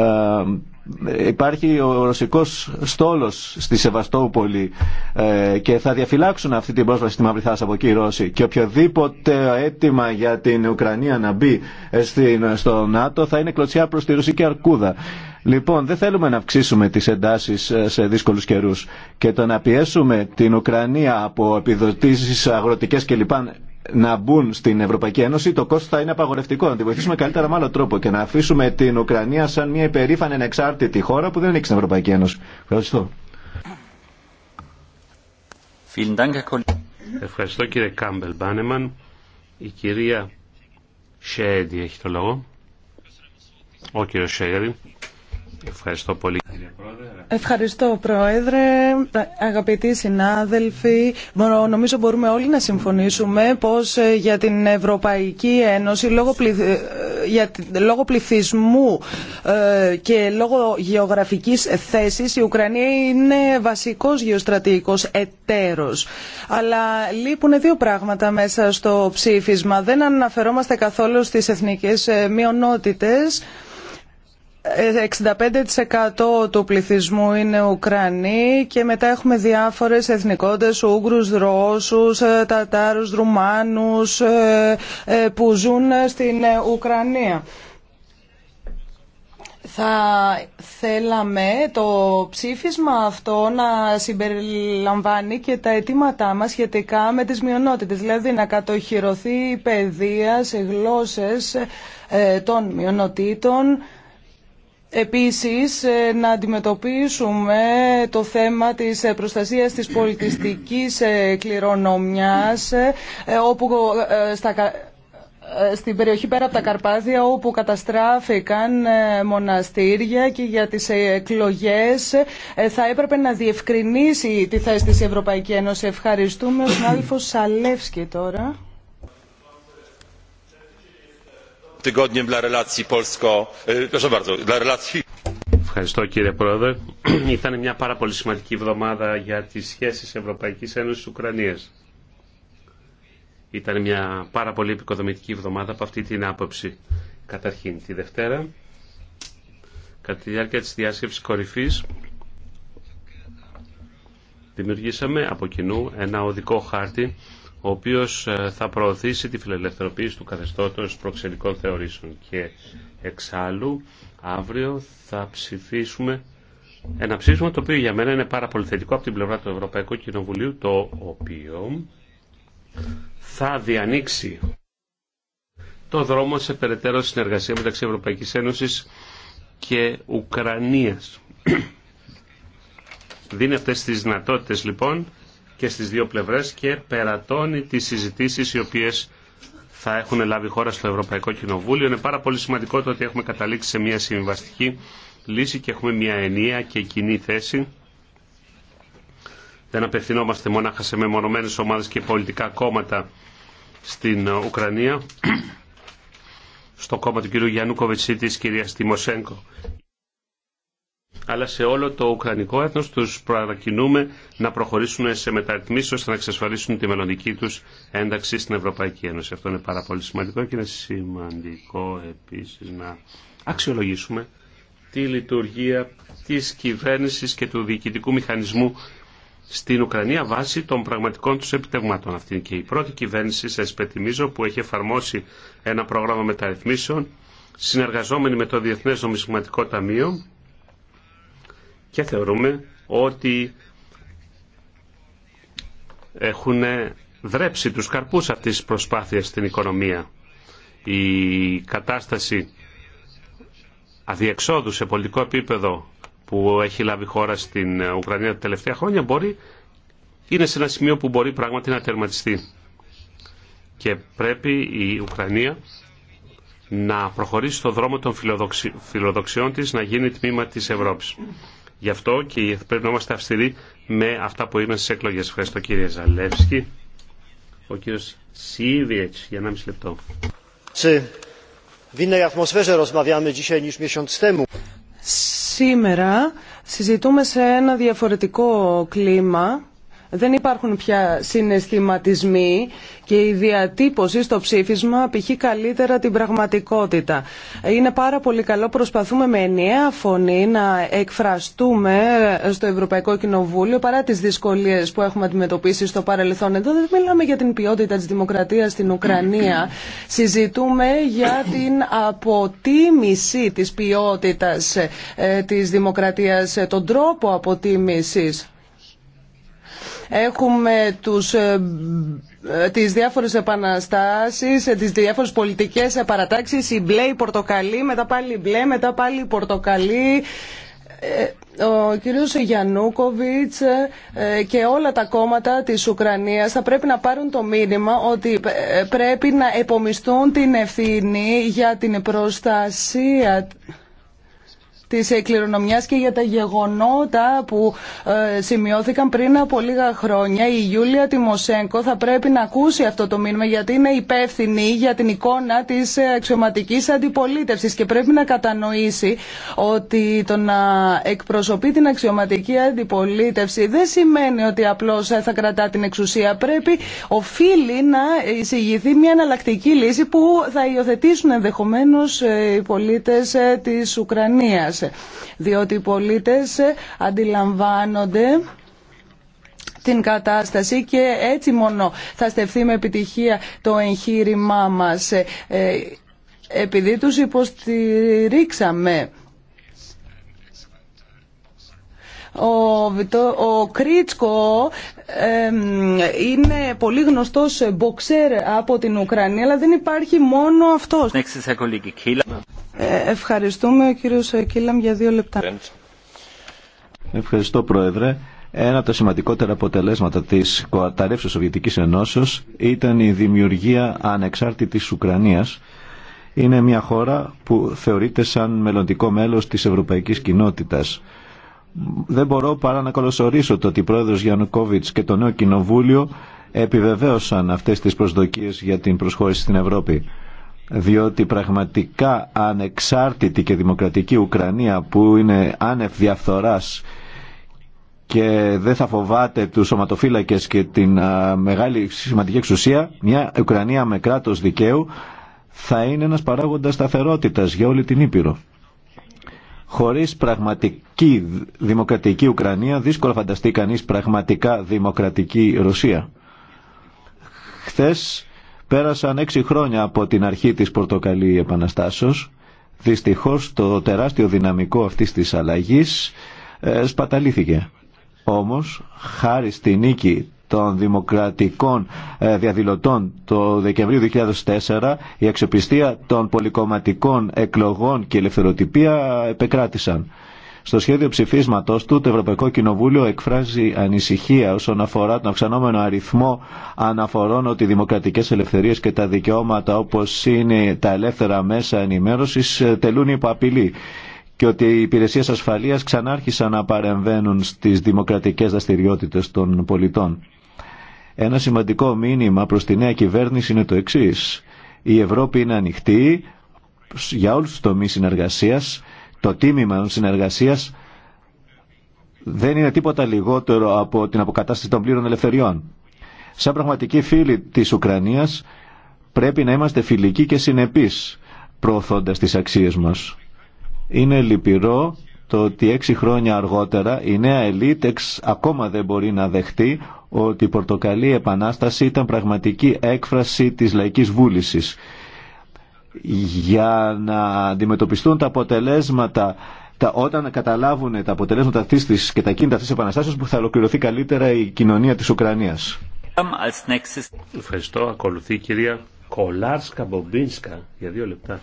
υπάρχει ο ρωσικός στόλος στη Σεβαστόπολη ε, και θα διαφυλάξουν αυτή την πρόσβαση στη Μαύρη Θάλασσα από εκεί οι Ρώσοι και οποιοδήποτε αίτημα για την Ουκρανία να μπει ε, στο ΝΑΤΟ θα είναι κλωτσιά προς τη ρωσική αρκούδα. Λοιπόν, δεν θέλουμε να αυξήσουμε τις εντάσεις σε δύσκολους καιρούς και το να πιέσουμε την Ουκρανία από επιδοτήσεις αγροτικές κλπ να μπουν στην Ευρωπαϊκή Ένωση, το κόστο θα είναι απαγορευτικό. Να τη βοηθήσουμε καλύτερα με άλλο τρόπο και να αφήσουμε την Ουκρανία σαν μια υπερήφανη ανεξάρτητη χώρα που δεν ανήκει στην Ευρωπαϊκή Ένωση. Ευχαριστώ. Ευχαριστώ κύριε Κάμπελ Μπάνεμαν. Η κυρία Σέιντι έχει το λόγο. Ο κύριο Σέιντι. Ευχαριστώ πολύ. Ευχαριστώ Πρόεδρε, αγαπητοί συνάδελφοι. Νομίζω μπορούμε όλοι να συμφωνήσουμε πως ε, για την Ευρωπαϊκή Ένωση λόγω ε, πληθυσμού ε, και λόγω γεωγραφικής θέσης η Ουκρανία είναι βασικός γεωστρατηγικός εταίρος. Αλλά λείπουν δύο πράγματα μέσα στο ψήφισμα. Δεν αναφερόμαστε καθόλου στις εθνικές μειονότητες 65% του πληθυσμού είναι Ουκρανοί και μετά έχουμε διάφορες εθνικότητες, Ούγγρους, Ρώσους, ε, Τατάρους, Ρουμάνους ε, ε, που ζουν στην Ουκρανία. Θα θέλαμε το ψήφισμα αυτό να συμπεριλαμβάνει και τα αιτήματά μας σχετικά με τις μειονότητες, δηλαδή να κατοχυρωθεί η παιδεία σε γλώσσες των μειονοτήτων, Επίσης, ε, να αντιμετωπίσουμε το θέμα της ε, προστασίας της πολιτιστικής ε, κληρονομιάς, όπου στην περιοχή πέρα από τα Καρπάδια όπου καταστράφηκαν μοναστήρια και για τις εκλογές θα έπρεπε να διευκρινίσει τη θέση της Ευρωπαϊκή Ένωση. Ευχαριστούμε. Ο συνάδελφος Σαλεύσκη τώρα. E, Ευχαριστώ κύριε Πρόεδρε. Ήταν μια πάρα πολύ σημαντική εβδομάδα για τις σχέσεις Ευρωπαϊκής Ένωσης Ουκρανίας. Ήταν μια πάρα πολύ επικοδομητική εβδομάδα από αυτή την άποψη. Καταρχήν τη Δευτέρα, κατά τη διάρκεια της διάσκεψης κορυφής, δημιουργήσαμε από κοινού ένα οδικό χάρτη ο οποίος ε, θα προωθήσει τη φιλελευθερωποίηση του καθεστώτος προξενικών θεωρήσεων. Και εξάλλου, αύριο θα ψηφίσουμε ένα ψήφισμα το οποίο για μένα είναι πάρα πολύ θετικό από την πλευρά του Ευρωπαϊκού Κοινοβουλίου, το οποίο θα διανοίξει το δρόμο σε περαιτέρω συνεργασία μεταξύ Ευρωπαϊκής Ένωσης και Ουκρανίας. Δίνει αυτές τις δυνατότητες λοιπόν και στις δύο πλευρές και περατώνει τις συζητήσεις οι οποίες θα έχουν λάβει χώρα στο Ευρωπαϊκό Κοινοβούλιο. Είναι πάρα πολύ σημαντικό το ότι έχουμε καταλήξει σε μια συμβαστική λύση και έχουμε μια ενιαία και κοινή θέση. Δεν απευθυνόμαστε μόναχα σε μεμονωμένες ομάδες και πολιτικά κόμματα στην Ουκρανία, στο κόμμα του κ. Γιάννου Κοβετσίτη, κ αλλά σε όλο το Ουκρανικό έθνος τους παρακινούμε να προχωρήσουν σε μεταρρυθμίσεις ώστε να εξασφαλίσουν τη μελλοντική τους ένταξη στην Ευρωπαϊκή Ένωση. Αυτό είναι πάρα πολύ σημαντικό και είναι σημαντικό επίσης να αξιολογήσουμε τη λειτουργία της κυβέρνησης και του διοικητικού μηχανισμού στην Ουκρανία βάσει των πραγματικών τους επιτευγμάτων. Αυτή είναι και η πρώτη κυβέρνηση, σας υπενθυμίζω, που έχει εφαρμόσει ένα πρόγραμμα μεταρρυθμίσεων συνεργαζόμενοι με το Διεθνές Νομισματικό Ταμείο και θεωρούμε ότι έχουν δρέψει τους καρπούς αυτής της προσπάθειας στην οικονομία. Η κατάσταση αδιεξόδου σε πολιτικό επίπεδο που έχει λάβει χώρα στην Ουκρανία τα τελευταία χρόνια μπορεί, είναι σε ένα σημείο που μπορεί πράγματι να τερματιστεί. Και πρέπει η Ουκρανία να προχωρήσει στον δρόμο των φιλοδοξιών της να γίνει τμήμα της Ευρώπης. Γι' αυτό και πρέπει να είμαστε αυστηροί με αυτά που έγιναν στι εκλογέ. Ευχαριστώ κύριε Ζαλεύσκη. Ο κύριο Σίβιετ, για ένα μισή λεπτό. Σήμερα συζητούμε σε ένα διαφορετικό κλίμα δεν υπάρχουν πια συναισθηματισμοί και η διατύπωση στο ψήφισμα απηχεί καλύτερα την πραγματικότητα. Είναι πάρα πολύ καλό. Προσπαθούμε με ενιαία φωνή να εκφραστούμε στο Ευρωπαϊκό Κοινοβούλιο παρά τις δυσκολίες που έχουμε αντιμετωπίσει στο παρελθόν. Εδώ δεν μιλάμε για την ποιότητα της δημοκρατίας στην Ουκρανία. Συζητούμε για την αποτίμηση της ποιότητας ε, της δημοκρατίας, ε, τον τρόπο αποτίμησης. Έχουμε τους, ε, ε, τις διάφορες επαναστάσεις, ε, τις διάφορες πολιτικές παρατάξεις, η μπλε, η πορτοκαλί, μετά πάλι η μπλε, μετά πάλι η πορτοκαλί ο κύριος Γιαννούκοβιτς και όλα τα κόμματα της Ουκρανίας θα πρέπει να πάρουν το μήνυμα ότι πρέπει να επομιστούν την ευθύνη για την προστασία Τη κληρονομιά και για τα γεγονότα που ε, σημειώθηκαν πριν από λίγα χρόνια. Η Γιούλια Τιμοσέγκο θα πρέπει να ακούσει αυτό το μήνυμα γιατί είναι υπεύθυνη για την εικόνα τη αξιωματική αντιπολίτευση. και πρέπει να κατανοήσει ότι το να εκπροσωπεί την αξιωματική αντιπολίτευση δεν σημαίνει ότι απλώ θα κρατά την εξουσία. Πρέπει, οφείλει να εισηγηθεί μια εναλλακτική λύση που θα υιοθετήσουν ενδεχομένω ε, οι πολίτε ε, τη Ουκρανία διότι οι πολίτες ε, αντιλαμβάνονται την κατάσταση και έτσι μόνο θα στεφθεί με επιτυχία το εγχείρημά μας. Ε, ε, επειδή τους υποστηρίξαμε Ο, ο Κρίτσκο είναι πολύ γνωστός μποξέρ από την Ουκρανία, αλλά δεν υπάρχει μόνο αυτός. Ε, ευχαριστούμε κύριος Κίλαμ για δύο λεπτά. Ευχαριστώ Πρόεδρε. Ένα από τα σημαντικότερα αποτελέσματα της καταρρεύσεως Σοβιετικής Ενώσεως ήταν η δημιουργία ανεξάρτητης Ουκρανίας. Είναι μια χώρα που θεωρείται σαν μελλοντικό μέλος της ευρωπαϊκής κοινότητας δεν μπορώ παρά να καλωσορίσω το ότι ο πρόεδρος Γιαννουκόβιτς και το νέο κοινοβούλιο επιβεβαίωσαν αυτές τις προσδοκίες για την προσχώρηση στην Ευρώπη. Διότι πραγματικά ανεξάρτητη και δημοκρατική Ουκρανία που είναι άνευ διαφθοράς και δεν θα φοβάται τους σωματοφύλακες και την μεγάλη σημαντική εξουσία, μια Ουκρανία με κράτος δικαίου θα είναι ένας παράγοντας σταθερότητας για όλη την Ήπειρο. Χωρίς πραγματική δημοκρατική Ουκρανία δύσκολα φανταστεί κανείς πραγματικά δημοκρατική Ρωσία. Χθες πέρασαν έξι χρόνια από την αρχή της Πορτοκαλή Επαναστάσεως. Δυστυχώς το τεράστιο δυναμικό αυτής της αλλαγής ε, σπαταλήθηκε. Όμως, χάρη στη νίκη των δημοκρατικών ε, διαδηλωτών το Δεκεμβρίου 2004 η αξιοπιστία των πολυκομματικών εκλογών και η ελευθεροτυπία ε, επεκράτησαν. Στο σχέδιο ψηφίσματο του, το Ευρωπαϊκό Κοινοβούλιο εκφράζει ανησυχία όσον αφορά τον αυξανόμενο αριθμό αναφορών ότι οι δημοκρατικές ελευθερίες και τα δικαιώματα όπω είναι τα ελεύθερα μέσα ενημέρωση, ε, τελούν υπό απειλή και ότι οι υπηρεσίε ασφαλεία ξανάρχισαν να παρεμβαίνουν στις δημοκρατικέ δραστηριότητε των πολιτών. Ένα σημαντικό μήνυμα προς τη νέα κυβέρνηση είναι το εξής. Η Ευρώπη είναι ανοιχτή για όλους τους τομείς συνεργασίας. Το τίμημα συνεργασίας δεν είναι τίποτα λιγότερο από την αποκατάσταση των πλήρων ελευθεριών. Σαν πραγματικοί φίλοι της Ουκρανίας πρέπει να είμαστε φιλικοί και συνεπείς προωθώντας τις αξίες μας. Είναι λυπηρό το ότι έξι χρόνια αργότερα η νέα Ελίτεξ ακόμα δεν μπορεί να δεχτεί ότι η Πορτοκαλή Επανάσταση ήταν πραγματική έκφραση της λαϊκής βούλησης. Για να αντιμετωπιστούν τα αποτελέσματα τα, όταν καταλάβουν τα αποτελέσματα αυτής της, και τα κίνητα αυτής της επαναστάσεως που θα ολοκληρωθεί καλύτερα η κοινωνία της Ουκρανίας. Ευχαριστώ. Ακολουθεί η κυρία Κολάρσκα Μπομπίνσκα για δύο λεπτά.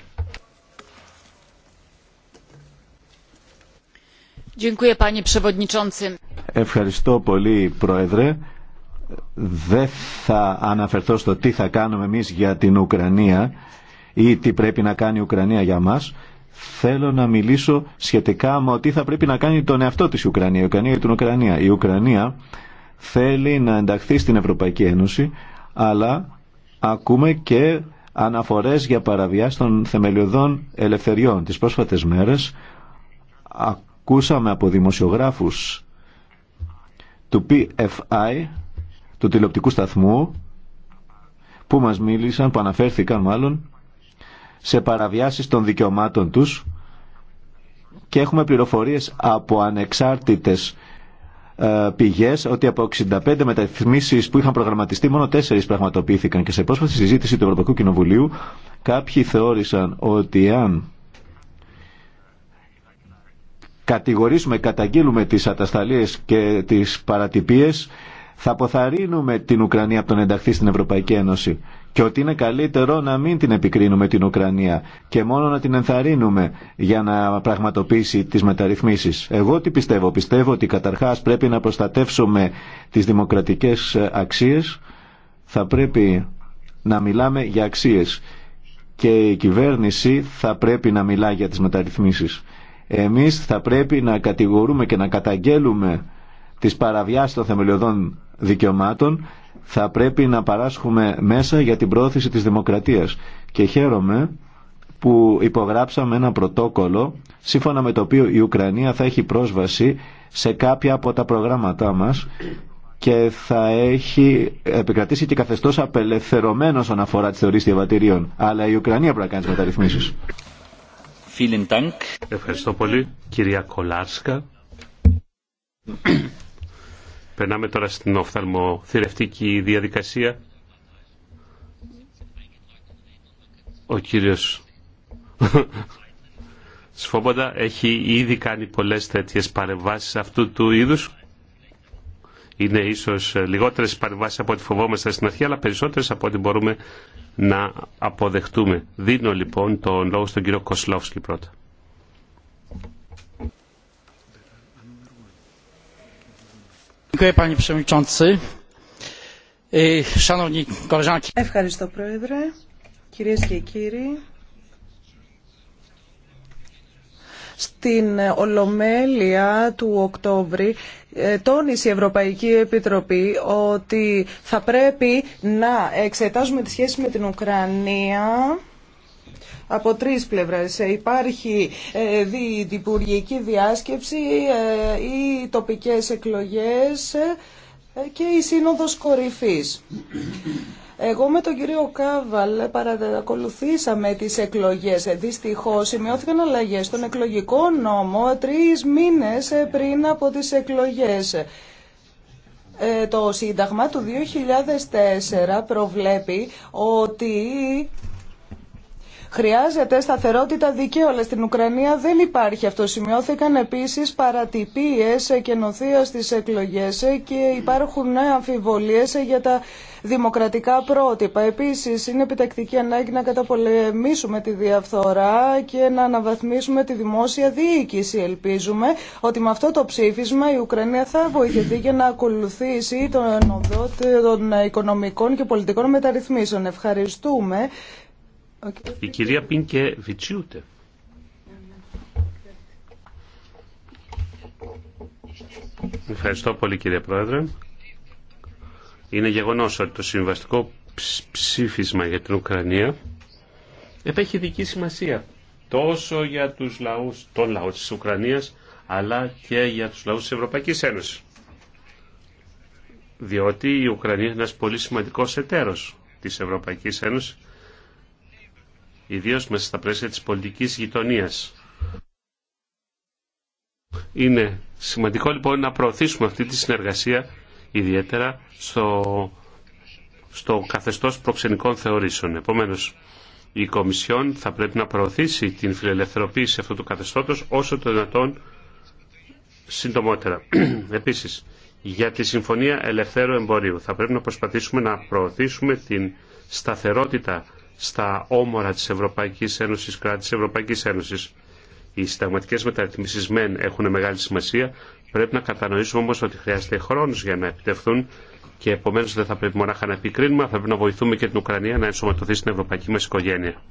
Ευχαριστώ πολύ, Πρόεδρε δεν θα αναφερθώ στο τι θα κάνουμε εμείς για την Ουκρανία ή τι πρέπει να κάνει η Ουκρανία για μας. Θέλω να μιλήσω σχετικά με τι θα πρέπει να κάνει τον εαυτό της Ουκρανία, η Ουκρανία ή την Ουκρανία. Η Ουκρανία θέλει να ενταχθεί στην Ευρωπαϊκή Ένωση, αλλά ακούμε και αναφορές για παραβιάση των θεμελιωδών ελευθεριών. Τις πρόσφατες μέρες ακούσαμε από δημοσιογράφους του PFI του τηλεοπτικού σταθμού που μας μίλησαν, που αναφέρθηκαν μάλλον, σε παραβιάσεις των δικαιωμάτων τους και έχουμε πληροφορίες από ανεξάρτητες ε, πηγές ότι από 65 μεταρρυθμίσεις που είχαν προγραμματιστεί μόνο 4 πραγματοποιήθηκαν και σε πρόσφατη συζήτηση του Ευρωπαϊκού Κοινοβουλίου κάποιοι θεώρησαν ότι αν κατηγορήσουμε, καταγγείλουμε τις ατασταλίες και τις παρατυπίες θα αποθαρρύνουμε την Ουκρανία από τον ενταχθεί στην Ευρωπαϊκή Ένωση και ότι είναι καλύτερο να μην την επικρίνουμε την Ουκρανία και μόνο να την ενθαρρύνουμε για να πραγματοποιήσει τις μεταρρυθμίσεις. Εγώ τι πιστεύω. Πιστεύω ότι καταρχάς πρέπει να προστατεύσουμε τις δημοκρατικές αξίες. Θα πρέπει να μιλάμε για αξίες και η κυβέρνηση θα πρέπει να μιλά για τις μεταρρυθμίσεις. Εμείς θα πρέπει να κατηγορούμε και να καταγγέλουμε τις παραβιάσεις των θεμελιωδών δικαιωμάτων θα πρέπει να παράσχουμε μέσα για την πρόθεση της δημοκρατίας. Και χαίρομαι που υπογράψαμε ένα πρωτόκολλο σύμφωνα με το οποίο η Ουκρανία θα έχει πρόσβαση σε κάποια από τα προγράμματά μας και θα έχει επικρατήσει και καθεστώς απελευθερωμένο όσον αφορά τις θεωρίες διαβατηρίων. Αλλά η Ουκρανία πρέπει να κάνει μεταρρυθμίσεις. Ευχαριστώ πολύ κυρία Κολάρσκα. Περνάμε τώρα στην οφθαλμοθυρευτική διαδικασία. Ο κύριος Σφόμποντα έχει ήδη κάνει πολλές τέτοιες παρεμβάσεις αυτού του είδους. Είναι ίσως λιγότερες παρεμβάσεις από ό,τι φοβόμαστε στην αρχή, αλλά περισσότερες από ό,τι μπορούμε να αποδεχτούμε. Δίνω λοιπόν τον λόγο στον κύριο Κοσλόφσκι πρώτα. Ευχαριστώ, Πρόεδρε. Κυρίες και κύριοι, στην Ολομέλεια του Οκτώβρη ε, τόνισε η Ευρωπαϊκή Επιτροπή ότι θα πρέπει να εξετάζουμε τη σχέση με την Ουκρανία από τρεις πλευρές. Ε, υπάρχει ε, διπουργική διάσκεψη ή ε, τοπικές εκλογές και η Σύνοδος Κορυφής. Εγώ με τον κύριο Κάβαλ παρακολουθήσαμε τις εκλογές. Δυστυχώς σημειώθηκαν αλλαγές στον εκλογικό νόμο τρεις μήνες πριν από τις εκλογές. Το Σύνταγμα του 2004 προβλέπει ότι Χρειάζεται σταθερότητα δικαίου, αλλά στην Ουκρανία δεν υπάρχει αυτό. Σημειώθηκαν επίση παρατυπίε και νοθεία στι εκλογέ και υπάρχουν αμφιβολίε για τα δημοκρατικά πρότυπα. Επίση, είναι επιτακτική ανάγκη να καταπολεμήσουμε τη διαφθορά και να αναβαθμίσουμε τη δημόσια διοίκηση. Ελπίζουμε ότι με αυτό το ψήφισμα η Ουκρανία θα βοηθηθεί για να ακολουθήσει τον οδό των οικονομικών και πολιτικών μεταρρυθμίσεων. Ευχαριστούμε η κυρία Πίνκε Βιτσιούτε. Ευχαριστώ πολύ κύριε Πρόεδρε. Είναι γεγονός ότι το συμβαστικό ψήφισμα για την Ουκρανία επέχει δική σημασία τόσο για τους λαούς, τον λαό της Ουκρανίας αλλά και για τους λαούς της Ευρωπαϊκής Ένωσης. Διότι η Ουκρανία είναι ένας πολύ σημαντικός εταίρος της Ευρωπαϊκής Ένωσης ιδίως μέσα στα πλαίσια της πολιτικής γειτονίας. Είναι σημαντικό λοιπόν να προωθήσουμε αυτή τη συνεργασία ιδιαίτερα στο, στο καθεστώς προξενικών θεωρήσεων. Επομένως, η Κομισιόν θα πρέπει να προωθήσει την φιλελευθερωποίηση αυτού του καθεστώτος όσο το δυνατόν συντομότερα. Επίσης, για τη Συμφωνία Ελευθέρου Εμπορίου θα πρέπει να προσπαθήσουμε να προωθήσουμε την σταθερότητα στα όμορα της Ευρωπαϊκής Ένωσης, κράτη της Ευρωπαϊκής Ένωσης. Οι συνταγματικέ μεταρρυθμίσεις μεν έχουν μεγάλη σημασία, πρέπει να κατανοήσουμε όμως ότι χρειάζεται χρόνος για να επιτευχθούν και επομένω δεν θα πρέπει μόνο να επικρίνουμε, θα πρέπει να βοηθούμε και την Ουκρανία να ενσωματωθεί στην ευρωπαϊκή μα οικογένεια.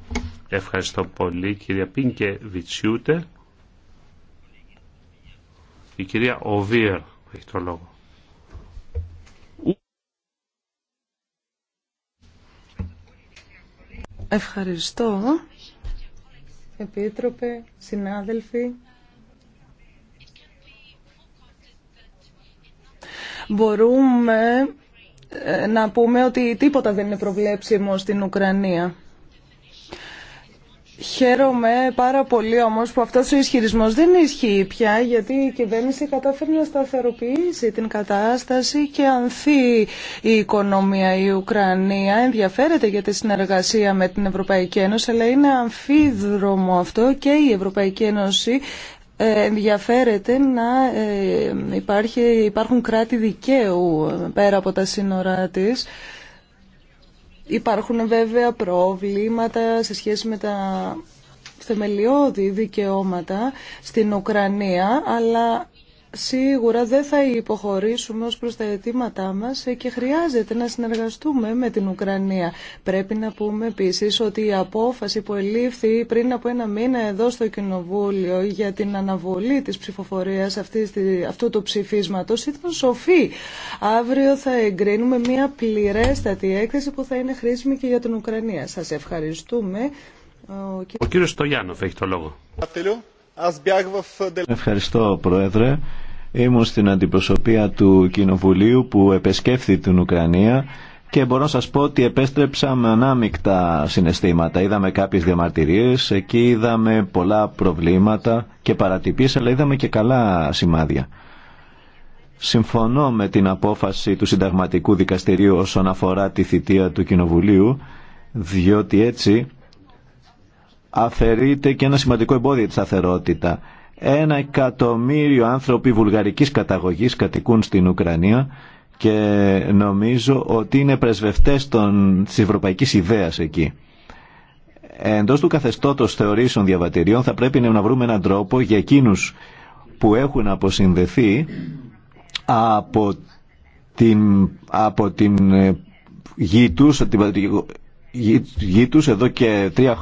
Ευχαριστώ πολύ κυρία Πίνκε Βιτσιούτε. Η κυρία Οβίερ έχει το λόγο. Ευχαριστώ. Επίτροπε, συνάδελφοι. Μπορούμε ε, να πούμε ότι τίποτα δεν είναι προβλέψιμο στην Ουκρανία. Χαίρομαι πάρα πολύ όμως που αυτό ο ισχυρισμό δεν ισχύει πια γιατί η κυβέρνηση κατάφερε να σταθεροποιήσει την κατάσταση και ανθεί η οικονομία η Ουκρανία. Ενδιαφέρεται για τη συνεργασία με την Ευρωπαϊκή Ένωση αλλά είναι αμφίδρομο αυτό και η Ευρωπαϊκή Ένωση ε, ενδιαφέρεται να ε, υπάρχει, υπάρχουν κράτη δικαίου ε, πέρα από τα σύνορά της. Υπάρχουν βέβαια προβλήματα σε σχέση με τα θεμελιώδη δικαιώματα στην Ουκρανία, αλλά Σίγουρα δεν θα υποχωρήσουμε ως προς τα αιτήματά μας και χρειάζεται να συνεργαστούμε με την Ουκρανία. Πρέπει να πούμε επίσης ότι η απόφαση που ελήφθη πριν από ένα μήνα εδώ στο Κοινοβούλιο για την αναβολή της ψηφοφορίας αυτής, αυτού του ψηφίσματος ήταν σοφή. Αύριο θα εγκρίνουμε μια πληρέστατη έκθεση που θα είναι χρήσιμη και για την Ουκρανία. Σας ευχαριστούμε. Ο κύριος έχει το λόγο. Ευχαριστώ Πρόεδρε. Ήμουν στην αντιπροσωπεία του Κοινοβουλίου που επεσκέφθη την Ουκρανία και μπορώ να σας πω ότι επέστρεψα με ανάμεικτα συναισθήματα. Είδαμε κάποιες διαμαρτυρίες, εκεί είδαμε πολλά προβλήματα και παρατυπίες, αλλά είδαμε και καλά σημάδια. Συμφωνώ με την απόφαση του Συνταγματικού Δικαστηρίου όσον αφορά τη θητεία του Κοινοβουλίου, διότι έτσι αφαιρείται και ένα σημαντικό εμπόδιο της σταθερότητα. Ένα εκατομμύριο άνθρωποι βουλγαρικής καταγωγής κατοικούν στην Ουκρανία και νομίζω ότι είναι πρεσβευτές των, της ευρωπαϊκής ιδέας εκεί. Εντός του καθεστώτος θεωρήσεων διαβατηριών θα πρέπει να βρούμε έναν τρόπο για εκείνους που έχουν αποσυνδεθεί από την, από την γη τους, γη τους εδώ και 300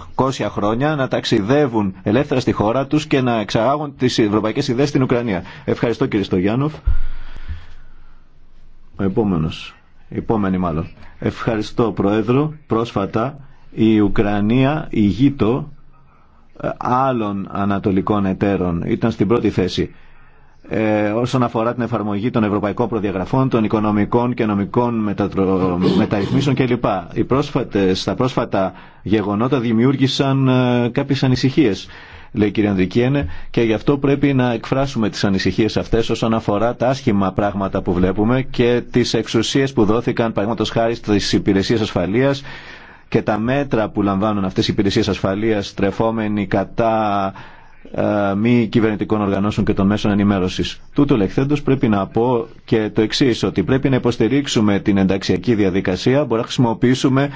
χρόνια να ταξιδεύουν ελεύθερα στη χώρα τους και να εξαγάγουν τις ευρωπαϊκές ιδέες στην Ουκρανία. Ευχαριστώ κύριε Στογιάννοφ. επόμενος. Επόμενη μάλλον. Ευχαριστώ Πρόεδρο. Πρόσφατα η Ουκρανία γήτό ε, άλλων ανατολικών εταίρων. Ήταν στην πρώτη θέση ε, όσον αφορά την εφαρμογή των ευρωπαϊκών προδιαγραφών, των οικονομικών και νομικών μετατρο... μεταρρυθμίσεων κλπ. Οι πρόσφατες, τα πρόσφατα γεγονότα δημιούργησαν ε, κάποιες ανησυχίες λέει η κυρία Ανδρικιένε, και γι' αυτό πρέπει να εκφράσουμε τις ανησυχίες αυτές όσον αφορά τα άσχημα πράγματα που βλέπουμε και τις εξουσίες που δόθηκαν, παραδείγματος χάρη στις υπηρεσίες ασφαλείας, και τα μέτρα που λαμβάνουν αυτές οι υπηρεσίες ασφαλείας τρεφόμενοι κατά ε, μη κυβερνητικών οργανώσεων και των μέσων ενημέρωση. Τούτο λεχθέντο πρέπει να πω και το εξή, ότι πρέπει να υποστηρίξουμε την ενταξιακή διαδικασία, μπορούμε να χρησιμοποιήσουμε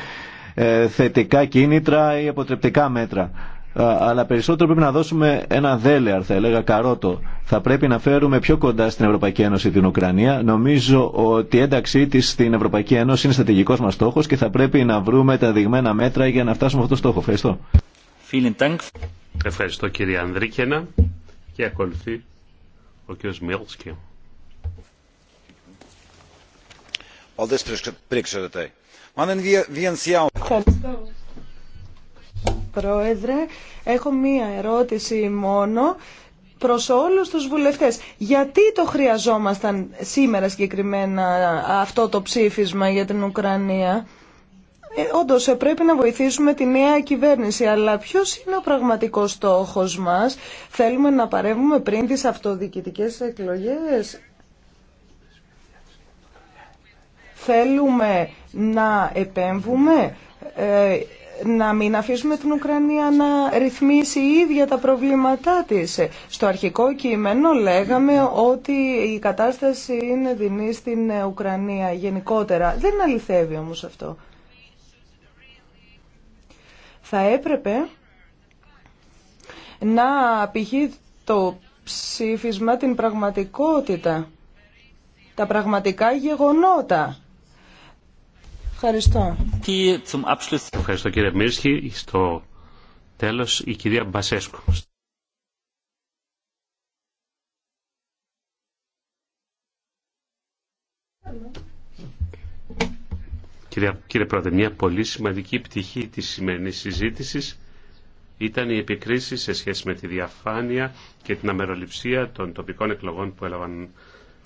ε, θετικά κίνητρα ή αποτρεπτικά μέτρα. Ε, αλλά περισσότερο πρέπει να δώσουμε ένα δέλεαρ, θα έλεγα, καρότο. Θα πρέπει να φέρουμε πιο κοντά στην Ευρωπαϊκή Ένωση την Ουκρανία. Νομίζω ότι η ένταξή τη στην Ευρωπαϊκή Ένωση είναι στρατηγικό μα στόχο και θα πρέπει να βρούμε τα δειγμένα μέτρα για να φτάσουμε αυτό το στόχο. Ευχαριστώ. Ευχαριστώ κύριε Ανδρίκενα και ακολουθεί ο κύριος Μίλσκι. Ευχαριστώ. Πρόεδρε, έχω μία ερώτηση μόνο προς όλους τους βουλευτές. Γιατί το χρειαζόμασταν σήμερα συγκεκριμένα αυτό το ψήφισμα για την Ουκρανία. Ε, Όντω, ε, πρέπει να βοηθήσουμε τη νέα κυβέρνηση, αλλά ποιο είναι ο πραγματικό στόχο μα, Θέλουμε να παρεύουμε πριν τι αυτοδιοικητικέ εκλογέ. Θέλουμε να επέμβουμε, ε, να μην αφήσουμε την Ουκρανία να ρυθμίσει η ίδια τα προβλήματά της. Στο αρχικό κείμενο λέγαμε ότι η κατάσταση είναι δεινή στην Ουκρανία γενικότερα. Δεν αληθεύει όμως αυτό. Θα έπρεπε να πηγεί το ψήφισμα την πραγματικότητα, τα πραγματικά γεγονότα. Ευχαριστώ. Ευχαριστώ κύριε Μίρσκι. Στο τέλος η κυρία Μπασέσκου. Κύριε, κύριε Πρόεδρε, μια πολύ σημαντική πτυχή της σημερινής συζήτησης ήταν η επικρίση σε σχέση με τη διαφάνεια και την αμεροληψία των τοπικών εκλογών που έλαβαν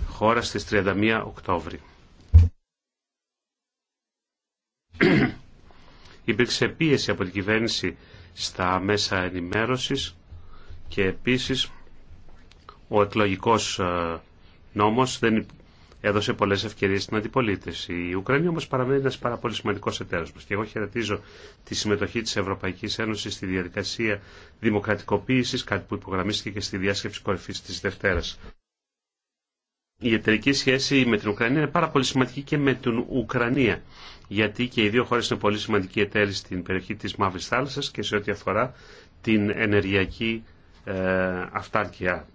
χώρα στις 31 Οκτώβρη. Υπήρξε πίεση από την κυβέρνηση στα μέσα ενημέρωσης και επίσης ο εκλογικός ε, νόμος δεν έδωσε πολλές ευκαιρίες στην αντιπολίτευση. Η Ουκρανία όμως παραμένει ένας πάρα πολύ σημαντικός εταίρος μας και εγώ χαιρετίζω τη συμμετοχή της Ευρωπαϊκής Ένωσης στη διαδικασία δημοκρατικοποίησης, κάτι που υπογραμμίστηκε και στη διάσκεψη κορυφής της Δευτέρας. Η εταιρική σχέση με την Ουκρανία είναι πάρα πολύ σημαντική και με την Ουκρανία, γιατί και οι δύο χώρες είναι πολύ σημαντικοί εταίροι στην περιοχή της μαύρη θάλασσα και σε ό,τι αφορά την ενεργειακή ε, αυτάρκεια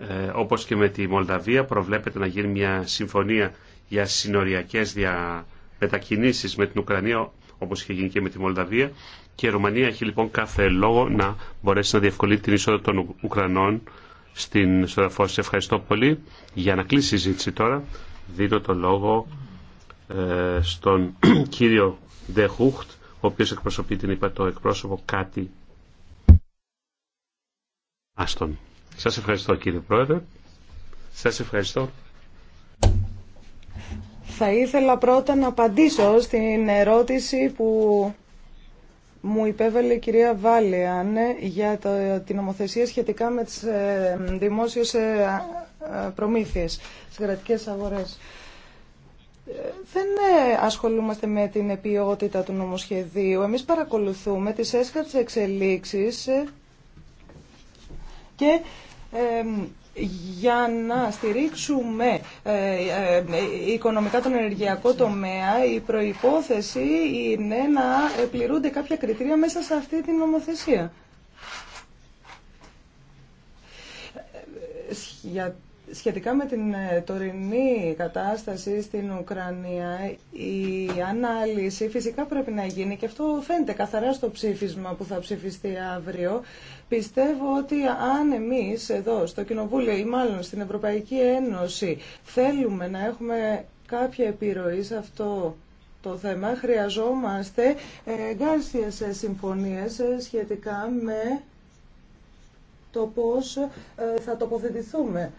ε, όπως και με τη Μολδαβία προβλέπεται να γίνει μια συμφωνία για συνοριακές δια... μετακινήσεις με την Ουκρανία όπως είχε γίνει και με τη Μολδαβία και η Ρουμανία έχει λοιπόν κάθε λόγο να μπορέσει να διευκολύνει την είσοδο των Ουκρανών στην Σοδαφό. ευχαριστώ πολύ. Για να κλείσει η συζήτηση τώρα δίνω το λόγο ε, στον κύριο Ντεχούχτ ο οποίος εκπροσωπεί την είπα το εκπρόσωπο κάτι Άστον. Σας ευχαριστώ κύριε Πρόεδρε. Σας ευχαριστώ. Θα ήθελα πρώτα να απαντήσω στην ερώτηση που μου υπέβαλε η κυρία Βάλεαν για το, την νομοθεσία σχετικά με τις ε, δημόσιες ε, προμήθειες, τις αγορές. Ε, δεν ε, ασχολούμαστε με την επιότητα του νομοσχεδίου. Εμείς παρακολουθούμε τις έσχατες εξελίξεις ε, και για να στηρίξουμε ε, ε, οικονομικά τον ενεργειακό τομέα, η προϋπόθεση είναι να πληρούνται κάποια κριτήρια μέσα σε αυτή την νομοθεσία. Ε, Σχετικά με την ε, τωρινή κατάσταση στην Ουκρανία, η ανάλυση φυσικά πρέπει να γίνει και αυτό φαίνεται καθαρά στο ψήφισμα που θα ψηφιστεί αύριο. Πιστεύω ότι αν εμείς εδώ στο Κοινοβούλιο ή μάλλον στην Ευρωπαϊκή Ένωση θέλουμε να έχουμε κάποια επιρροή σε αυτό το θέμα, χρειαζόμαστε εγκάρσιες συμφωνίες σχετικά με το πώς ε, θα τοποθετηθούμε